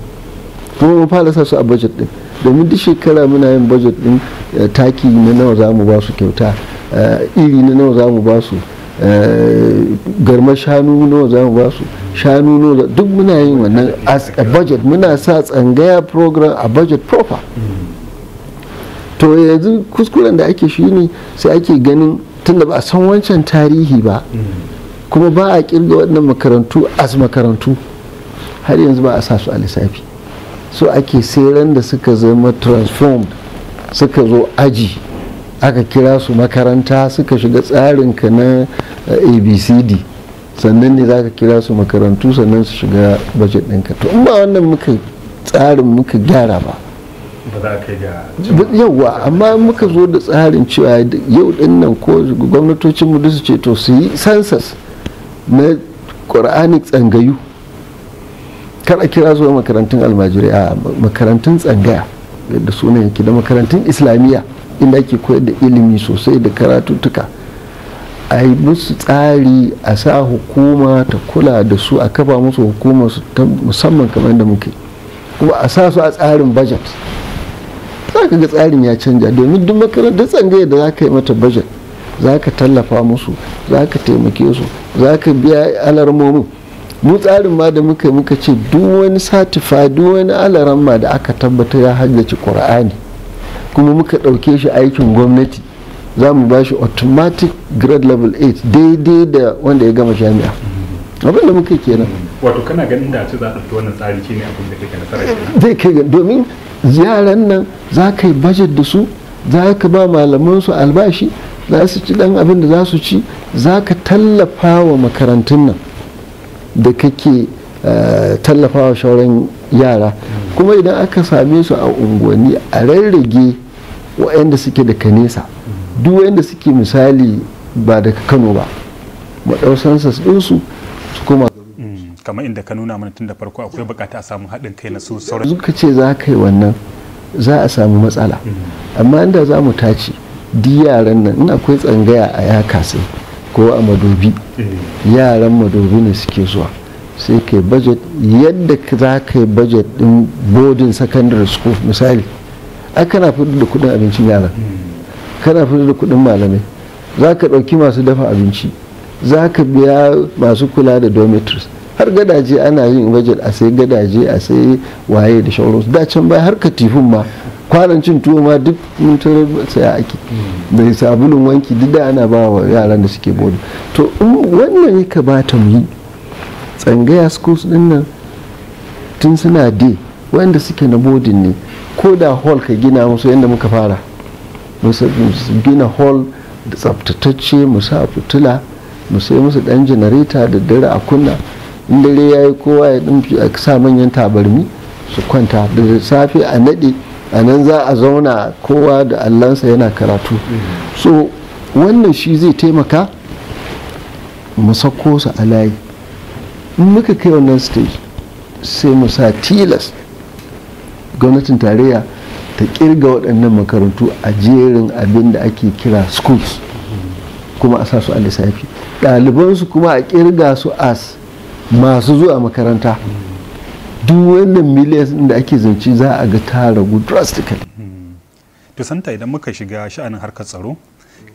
kuma mu fara sa su a budget din domin duk shekara muna yin budget din eh, taki na nawa za mu ba su kyauta eh, iri na nawa za mu ba su Eh, garma shanu nawa za mu ba su shanu nawa duk muna yin wannan as a budget muna sa tsangaya program a budget proper to yanzu kuskuren da ake shi ne sai ake ganin tunda ba a san wancan tarihi ba kuma ba a kirga wannan makarantu as makarantu har yanzu ba a sa su a lissafi so ake sai da suka zama transformed suka zo aji aka kira su makaranta suka shiga tsarinka na eh, abcd sannan ne za ka kira su makarantu sannan su shiga bajet ɗinka to in ba wannan muka tsarin muka gyara ba ba za yawa amma muka zo da tsarin cewa yau din nan ko gwamnatocin mu su ce to su yi census na ƙur'ani tsangayu kar a kira su makarantun almajiri a makarantun tsangaya da sunan yake da makarantun islamiyya inda ake koyar da ilimi sosai da karatuttuka a yi musu tsari a sa hukuma ta kula da su a kafa musu hukuma musamman kamar da muke kuma a sa su a tsarin budget za ka ga tsarin ya canja domin duk makarantar tsangaya da za ka yi mata budget za ka tallafa musu za ka taimake su za ka biya alarmomin mu tsarin ma da muka muka ce duk wani satifa duk wani alaramma da aka tabbata ya hajjaci ƙura'ani kuma muka ɗauke shi aikin gwamnati za mu ba shi automatic grade level 8 daidai da wanda ya gama jami'a abin da muka kenan wato kana ganin da ce za a ɗauki wannan tsari shi ne abin da kake nasara zai kai ga domin yaran nan za ka yi bajet da su za ka ba malaman su albashi za su ci dan abin da za su ci za ka tallafa wa makarantun nan da kake eh, tallafa wa shauran yara kuma idan aka same su a unguwanni a rarrage wayanda suke da kanesa duk wayanda suke misali ba daga kano ba maɗausansa ɗinsu su kuma mm, kamar inda ka nuna mana tun da farko akwai bukata a samu haɗin kai na su sauran zuka ce za ka yi wannan za a samu matsala mm. amma inda za mu tace di yaran nan ina akwai tsangaya a yaka sai ko a madobi eh. yaran madobi ne suke zuwa sai kai bajet budget yadda za ka yi budget din boarding secondary school misali ai kana fitar da kudin abincin yara kana fitar da kudin malamai za ka ɗauki masu dafa abinci za ka biya masu kula da dormitories har gadaje ana yin wajen a sai gadaje a sai waye da shauransu da can bai har katifin ma kwanan tuwo ma duk mun tarar saya ake da sabulun wanki duk da ana ba wa yaran da suke bodu to wannan ya kamata mu yi tsangaya schools din nan tun suna dai wanda suke na bodin ne ko da hall ka gina musu yadda muka fara musu gina hall da tsabtatacce musu a fitila musu musu dan janareta da dare a kunna in dare ya yi kowa ya fi a sa manyan tabarmi su kwanta da safe a naɗe a nan za a zauna kowa da allansa yana karatu so wannan shi zai taimaka mu sako su a layi in muka kai wannan stage sai mu sa tilas gwamnatin tarayya ta kirga waɗannan makarantu a jerin abin da ake kira schools kuma a sa su a lissafi ɗalibansu kuma a kirga su as masu zuwa makaranta duk wannan miliyan da ake zance za a ga tara ragu drastically to idan muka shiga sha'anin harkar tsaro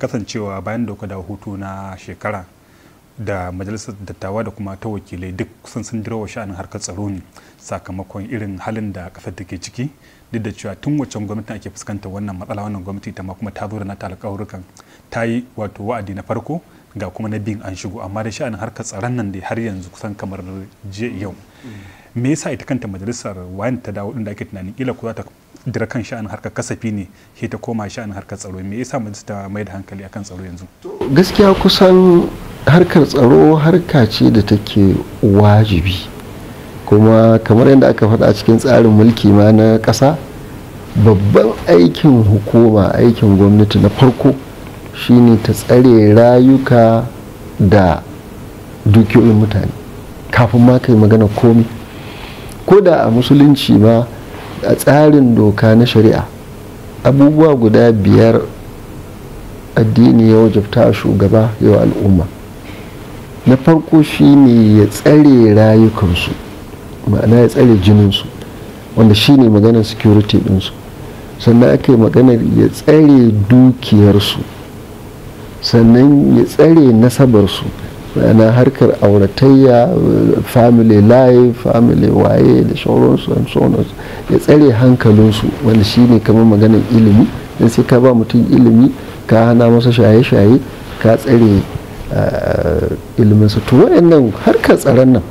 kasancewa bayan da kuka da hutu na shekara da majalisar dattawa da kuma ta wakilai duk kusan sun dirawa sha'anin harkar tsaro ne sakamakon irin halin da kasar take ciki duk da cewa tun waccan gwamnati ake fuskantar wannan matsala wannan gwamnati ta ma kuma ta zo da nata alƙawurkan ta yi wato wa'adi na farko ga kuma na biyun an shigo amma da sha'anin harkar tsaron nan da har yanzu kusan kamar jiya yau mm. me yasa ita kanta majalisar wayan ta dawo din da ake tunanin kila ko za ta dira kan sha'anin harkar kasafi ne sai ta koma sha'anin harkar tsaro me yasa majalisar ta mai da hankali akan tsaro yanzu gaskiya kusan harkar tsaro harka ce da take wajibi kuma kamar yadda aka faɗa cikin tsarin mulki ma na ƙasa babban aikin hukuma aikin gwamnati na farko shine ta tsare rayuka da dukiyoyin mutane kafin ma kai magana komi ko da a musulunci ma a tsarin doka na shari'a abubuwa guda biyar addini ya wajabta shugaba yau al'umma na farko shi ne ya tsare rayukansu ma'ana ya tsare jininsu wanda shi ne maganar security dinsu sannan aka yi maganar ya tsare dukiyarsu sannan ya tsare nasabarsu ma'ana harkar auratayya family life family waye da shauransu and so on ya tsare hankalinsu wanda shi ne kamar maganar ilimi don sai ka ba mutum ilimi ka hana masa shaye-shaye ka tsare Eh, ilimin su to wayannan harkar tsaron nan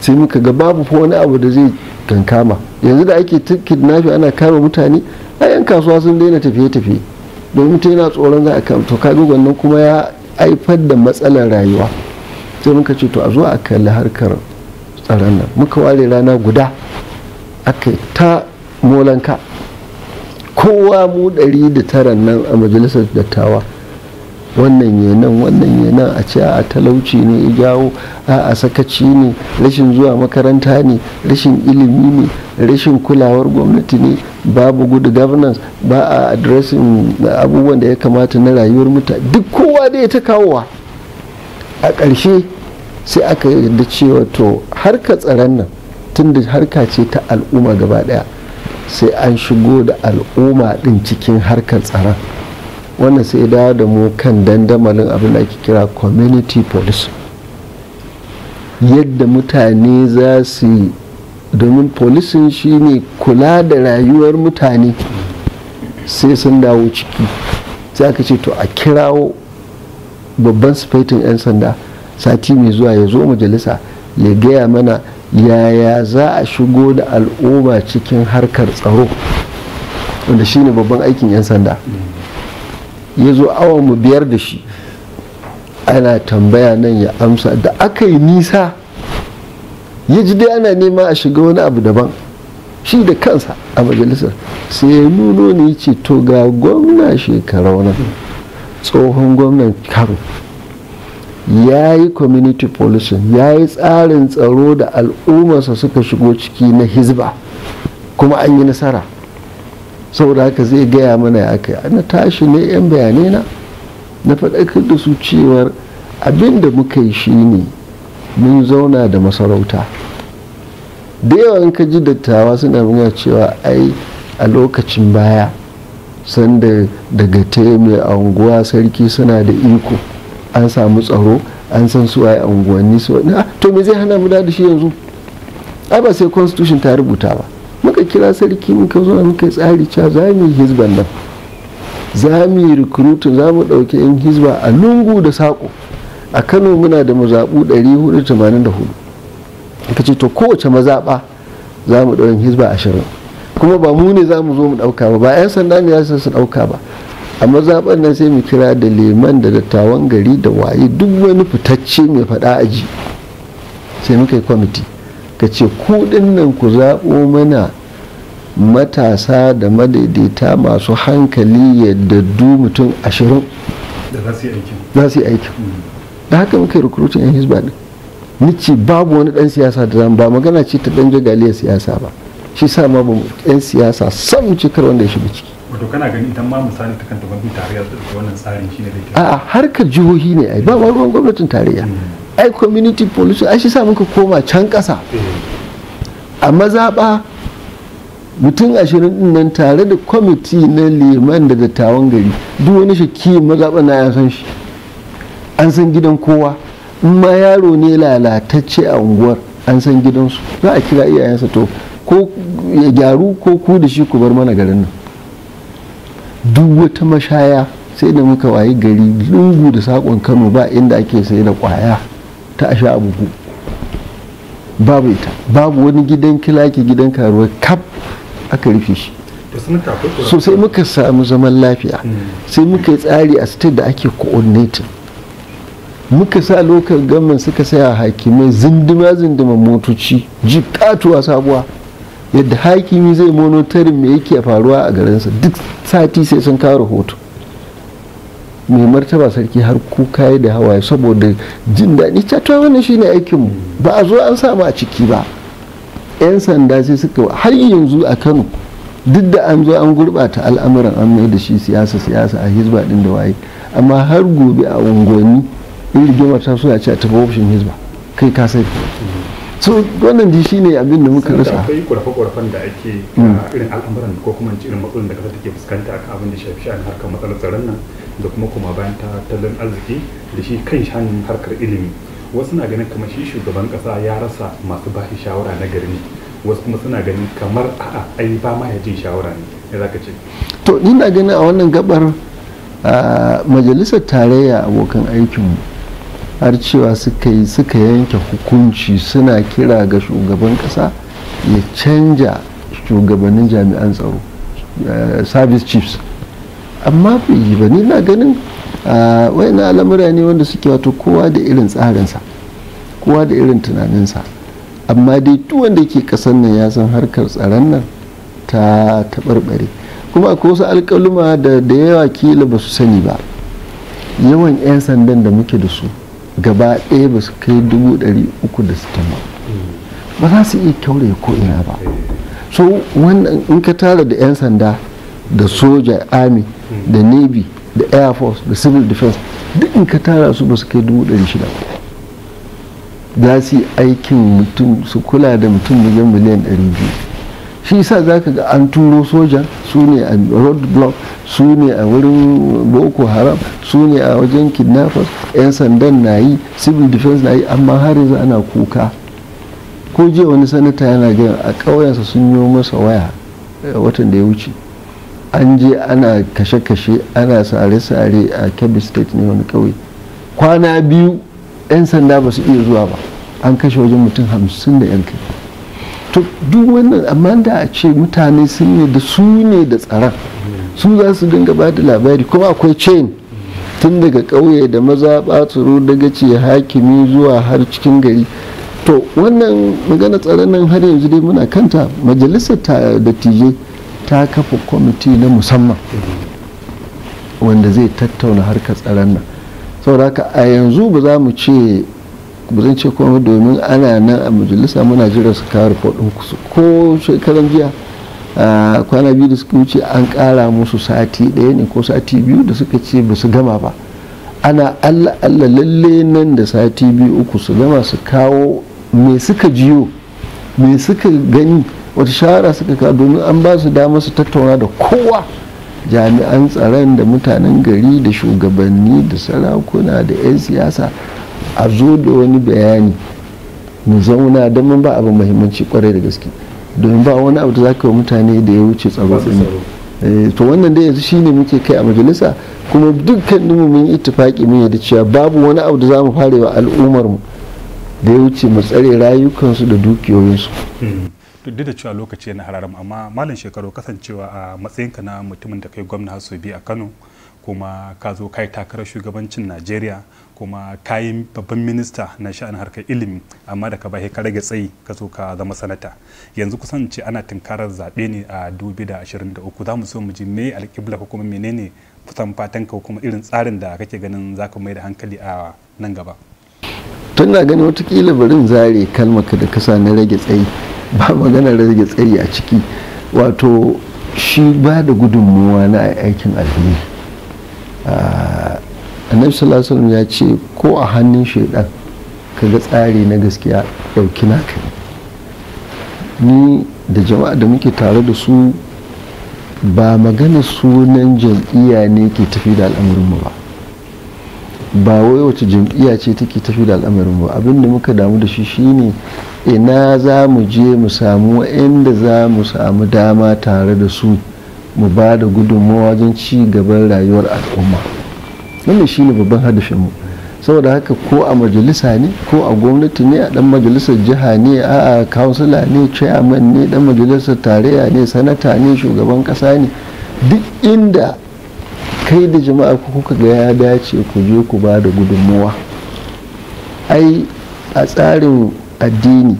sai muka ga babu fa wani abu da zai kankama yanzu da ake kidnapping ana kama mutane yan kasuwa sun daina tafiye-tafiye domin ta yana tsoron za a kama to kaga wannan kuma ya haifar da matsalar rayuwa sai muka ce to a zo a kalli harkar tsaron nan muka ware rana guda aka ta molanka kowa mu ɗari da taran nan a majalisar dattawa wannan ya nan wannan ya nan a ce a talauci ne ya jawo a sakaci ne rashin zuwa makaranta ne rashin ilimi ne rashin kulawar gwamnati ne babu good governance ba a adresin abubuwan da ya kamata na rayuwar muta duk kowa da ya ta kawowa a ƙarshe sai aka yarda cewa to harka tsaron nan tunda harka ce ta al'umma gaba daya sai an shigo da al'umma din cikin harkar tsaron wannan sai da da mu kan dandamalin abin da ake kira community police yadda mutane za su yi domin polisin shine kula da rayuwar mutane sai sun dawo ciki za ka ce to a kirawo babban sufaitin 'yan sanda sati mai zuwa ya zo majalisa ya gaya mana yaya za a shigo da al'umma cikin harkar tsaro wanda shine babban aikin 'yan sanda ya zo awon mu biyar da shi ana tambaya nan ya amsa da aka yi nisa ya ji dai ana nema a shiga wani abu daban shi da kansa a majalisar sai ya nuno ne ya ce to ga gwamna shekara wani tsohon gwamnan karo ya yi community policing ya yi tsarin tsaro da al'ummarsa suka shigo ciki na hizba kuma an yi nasara saboda haka zai gaya mana ya kai na tashi ne 'yan bayanai na na faɗakar da su cewar abin da muka yi shi ne mun zauna da masarauta da yawan ka ji dattawa suna muna cewa ai a lokacin baya sanda daga te mai anguwa sarki suna da iko an samu tsaro an san su a unguwanni su ah, to me zai hana mu da shi yanzu ai ba sai constitution ta rubuta ba muka kira sarki muka zo muka tsari cewa za mu yi hizban nan za mu yi rikurutu za mu ɗauki 'yan hizba a lungu da saƙo a kano muna da mazaɓu 484 ka ce to kowace mazaɓa za mu ɗauki hizba ashirin kuma ba mu ne za mu zo mu ɗauka ba ba 'yan sanda ne za su ɗauka ba a mazaɓar nan sai mu kira da leman da dattawan gari da waye duk wani fitacce mai faɗa aji sai muka yi kwamiti ka ce kuɗin nan ku zaɓo mana matasa da madaidaita masu hankali yadda du mutum ashirin za su yi aikin da haka muka yi rikrutin yan hisba ne nici babu wani dan siyasa da zan ba magana ce ta dan jagaliyar siyasa ba shi sa ma ba yan siyasa sam cikar wanda ya shiga ciki wato kana gani idan ma misali ta kanta babin tarayya da wannan tsarin ne da a'a harkar jihohi ne ai ba ma ruwan gwamnatin tarayya hmm. ai community policy ai shi sa muka koma can kasa eh. a mazaɓa mutum ashirin din nan tare da kwamiti na liman da dattawan gari duk wani shakki mazaɓa na ya san shi an san gidan kowa in ma yaro ne lalatacce a unguwar an san gidansu za a kira iyayensa to ko ya gyaru ko ku da shi ku bar mana garin nan duk wata mashaya sai da muka wayi gari lungu da saƙon kano ba inda ake sai da kwaya ta a abubu babu ita babu wani gidan kilaki gidan karuwa kaf aka rufe shi so sai muka samu zaman lafiya hmm. sai muka yi tsari a state da ake coordinating muka sa lokal gaman suka saya hakimai zindima zindima motoci jikatuwa sabuwa yadda hakimi zai monitorin me yake faruwa a garinsa duk sati sai sun kawo rahoto mai martaba sarki har kuka yi da hawaye saboda jin daɗi catuwa wannan shine aikinmu ba a zo an samu a ciki ba 'yan sanda sai suka har yanzu a kano duk da an zo an gurbata al'amuran an mai da shi siyasa siyasa a hizba din da waye amma har gobe a unguwanni in rigima ta so ya ce a tafi ofishin hizba kai ka sai so wannan ji shine abin da muka rasa akwai kwarfe-kwarfen da ake mm. irin al'amuran ko kuma ci irin matsalolin da kasa take fuskanta akan abin da shafi sha'anin harkar matsalar tsaron nan da kuma kuma bayan ta tallan arziki da shi kan sha'anin harkar ilimi wasu na ganin kamar shi shugaban kasa ya rasa masu bashi shawara na gari ne wasu kuma suna ganin kamar a'a ai ba ma ya jin shawara ne ya ka ce to ni na ganin a wannan gabar majalisar tarayya abokan aikinmu har cewa suka yi suka yanke hukunci suna kira ga shugaban kasa ya canja shugabannin jami'an tsaro eh, service chiefs amma bai yi ba ni na ganin na al'amura ne wanda suke wato kowa da irin tsarinsa kowa da irin tunaninsa amma dai duk wanda ke kasan nan ya san harkar tsaron nan ta taɓarɓare kuma akwai wasu alƙaluma da da yawa kila ba su sani ba yawan 'yan sandan da muke da su gaba ɗaya ba su kai dubu ɗari uku da sittin ba ba za su iya kyaure ko ina ba so wannan in ka tara da 'yan sanda da soja army da navy da air force da civil defense duk in ka tara su ba su kai dubu ɗari shida za su yi aikin mutum su kula da mutum wajen miliyan ɗari biyu shi sa za ka ga an turo soja su ne a road block su ne a wurin boko haram su ne a wajen kidnappers 'yan sandan na yi civil defense na yi amma har yanzu ana kuka ko jiya wani sanata yana gina a ƙauyensa sun yi masa waya eh, watan da ya wuce an je ana kashe-kashe ana sare-sare a kebbi state ne wani kauye kwana biyu 'yan sanda ba su iya zuwa ba an kashe wajen mutum hamsin da yan kai to duk wannan amma da a ce mutane sun ne da su ne da tsaron su za su dinga ba da labari kuma akwai chain tun daga ƙauye da maza ɓatsuro daga ce hakimi zuwa har cikin gari to wannan magana tsaron nan har yanzu dai muna kanta majalisar dattijai ta kafa kwamiti na musamman wanda zai tattauna harkar tsaron nan saboda aka a yanzu ba za mu ce ba zan ce kuma domin ana nan a majalisa muna jira su kawo rufaɗin kusa ko shekaran jiya kwana biyu da suka wuce an ƙara musu sati ɗaya ne ko sati biyu da suka ce ba su gama ba ana allah allah lalle nan da sati biyu uku su gama su kawo me suka jiyo me suka gani wata shahara suka ka domin an ba su dama su tattauna da kowa jami'an tsaron da mutanen gari da shugabanni da sarakuna da 'yan siyasa a zo da wani bayani mu zauna don mun ba abin muhimmanci kwarai da gaske domin ba wani abu da za ka mutane da ya wuce tsaro eh, to wannan da yanzu shine muke kai a majalisa kuma dukkaninmu mun yi ittifaki mun yadda cewa babu wani abu da za mu fara wa al'ummar mu da ya wuce mu tsare rayukansu da dukiyoyinsu hmm. duk da cewa lokaci yana hararam amma malam shekaru kasancewa a matsayinka na mutumin da kai gwamna haso bi a kano kuma ka zo kai takarar shugabancin najeriya kuma ka yi babban minista na sha'an harkar ilimi amma da ka ka rage tsayi ka zo ka zama sanata yanzu kusan ce ana tunkarar zaɓe ne a 2023 za mu so mu ji me alƙibla ko kuma menene kusan fatan ka kuma irin tsarin da kake ganin za ka mai da hankali a nan gaba tun na gani watakila barin zare kalmaka da kasa na rage tsayi ba magana rage tsayi a ciki wato shi ba da gudunmuwa na aikin alheri ah, annabi sallallahu alaihi ya ce ko a hannun shaidan ga tsari na gaskiya ɗauki naka ni da jama'a da muke tare da su ba magana sunan jam'iyya ne ke tafi da al'amuranmu ba ba wai wace jam'iyya ce take tafi da al'amarin ba abinda muka damu da shi shine ina za mu je mu samu inda za mu samu dama tare da su mu ba da gudunmawa wajen ci gaban rayuwar al'umma wannan shine babban mu saboda haka ko a majalisa ne ko a gwamnati ne a dan majalisar jiha ne a kansila ne chairman ne dan majalisar tarayya ne sanata ne shugaban kasa ne duk inda kai da jama'a ku kuka ga ya dace ku je ku ba da gudunmuwa ai a tsarin addini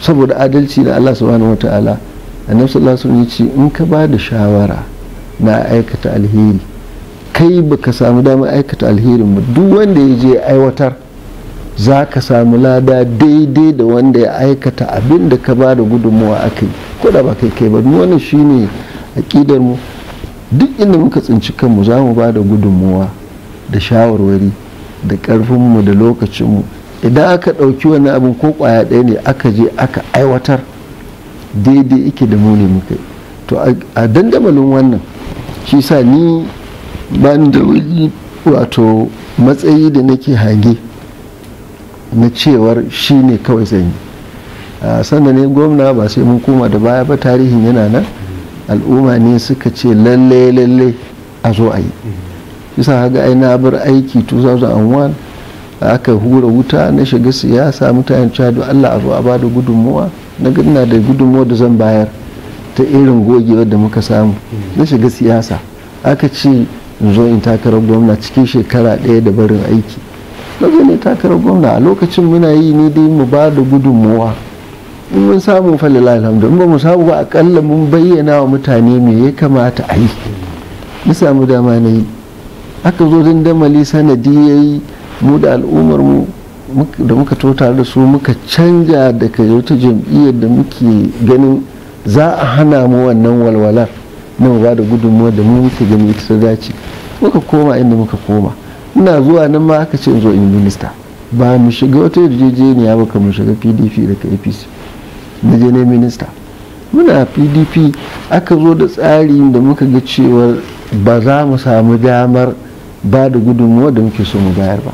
saboda adalci da Allah subhanahu wata'ala annabi sallallahu alaihi yi ce in ka ba da shawara na aikata alheri kai baka samu damar aikata alherin ba duk wanda ya je aiwatar za ka samu lada daidai da wanda ya aikata abinda ka ba da gudunmuwa kai ko da ba kai kai ba wannan shine aƙidar mu duk inda muka tsinci kanmu za mu ba da gudunmuwa da shawarwari da ƙarfinmu da lokacinmu idan aka ɗauki wani abin ko ƙwaya ɗaya ne aka je aka aiwatar daidai ike da muni muka yi to a dandamalin wannan shi sa ni ba ni da wani wato matsayi da nake hange na cewar shi ne kawai zan yi sannan ne gwamna ba sai mun koma da baya ba tarihin yana nan al'umma ne suka ce lalle lalle a zo a yi kisa haga ai na bar aiki 2001 aka hura wuta na shiga siyasa mutane cewa Allah a zo a bada gudunmuwa na ina da gudunmuwa da zan bayar ta irin gogewar da muka samu na shiga siyasa aka ce zo in takarar gwamna cikin shekara ɗaya da barin aiki na ne takarar gwamna a lokacin muna yi ne dai mu ba da gudunmuwa in mun samu falila alhamdu in ba mu samu ba akalla mun bayyana wa mutane me ya kamata a yi samu dama na yi aka zo damali sanadi ya yi mu da al'ummar mu da muka tota da su muka canja daga wata jam'iyyar da muke ganin za a hana mu wannan walwalar na ba da gudunmuwa da mu muke gani ita ta dace muka koma inda muka koma ina zuwa nan ma aka ce in zo in minista ba mu shiga wata yarjejeniya ba ka mu shiga pdp daga apc da je minista muna pdp aka zo da tsari da muka ga cewa ba za mu samu damar ba da gudunmuwa da muke so mu bayar ba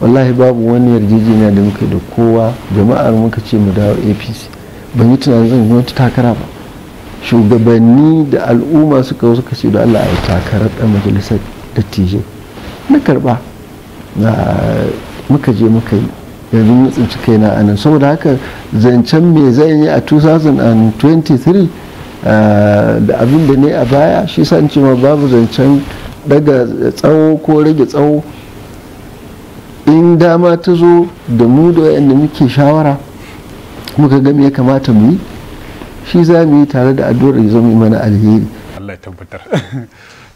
wallahi babu wani yarjejeniya da muka da kowa jama'ar muka ce mu dawo apc ban yi tunanin zan wata takara ba shugabanni da al'umma suka suka ce da allah a yi takarar ɗan majalisar dattijai na karɓa muka je muka yi yanzu mun tsinci kaina a nan saboda haka zancen me zai yi a 2023 ah, da abin da ne a baya shi san cewa babu zancen daga tsawo ko rage tsawo in dama ta zo da mu da wayanda muke shawara muka ga ya kamata mu yi shi za mu yi tare da addu'ar ya zama mana alheri Allah ya tabbatar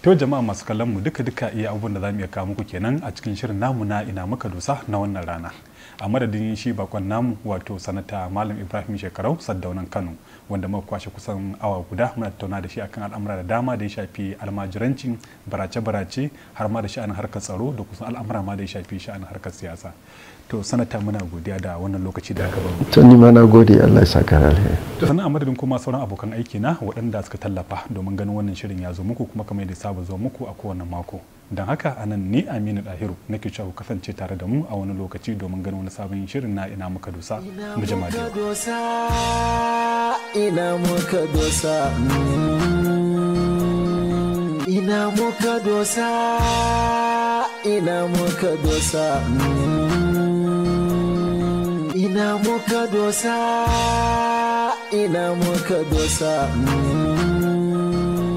to jama'a masu kallon mu duka duka iya abubuwan da za mu iya kawo muku kenan a cikin shirin namu na ina muka dusa na wannan rana a madadin shi bakon namu wato sanata malam ibrahim shekarau saddaunan kano wanda muka kwashe kusan awa guda muna tattauna da shi akan al'amura da dama da ya shafi almajirancin barace-barace har ma da sha'anin harkar tsaro da kusan al'amura ma da ya shafi sha'anin harkar siyasa to sanata muna godiya da wannan lokaci da aka ba tun ni ma na gode Allah ya saka to sannan a madadin kuma sauran abokan aiki na waɗanda suka tallafa domin ganin wannan shirin ya zo muku kuma kamar yadda saba zo muku a kowane mako don haka a nan ni aminu dahiru nake cewa ku kasance tare da mu a wani lokaci domin ganin wani sabon shirin na ina muka dosa mu jima da ina muka dosa ina muka dosa mm. ina muka dosa ina muka dosa mm. ina muka dosa mm.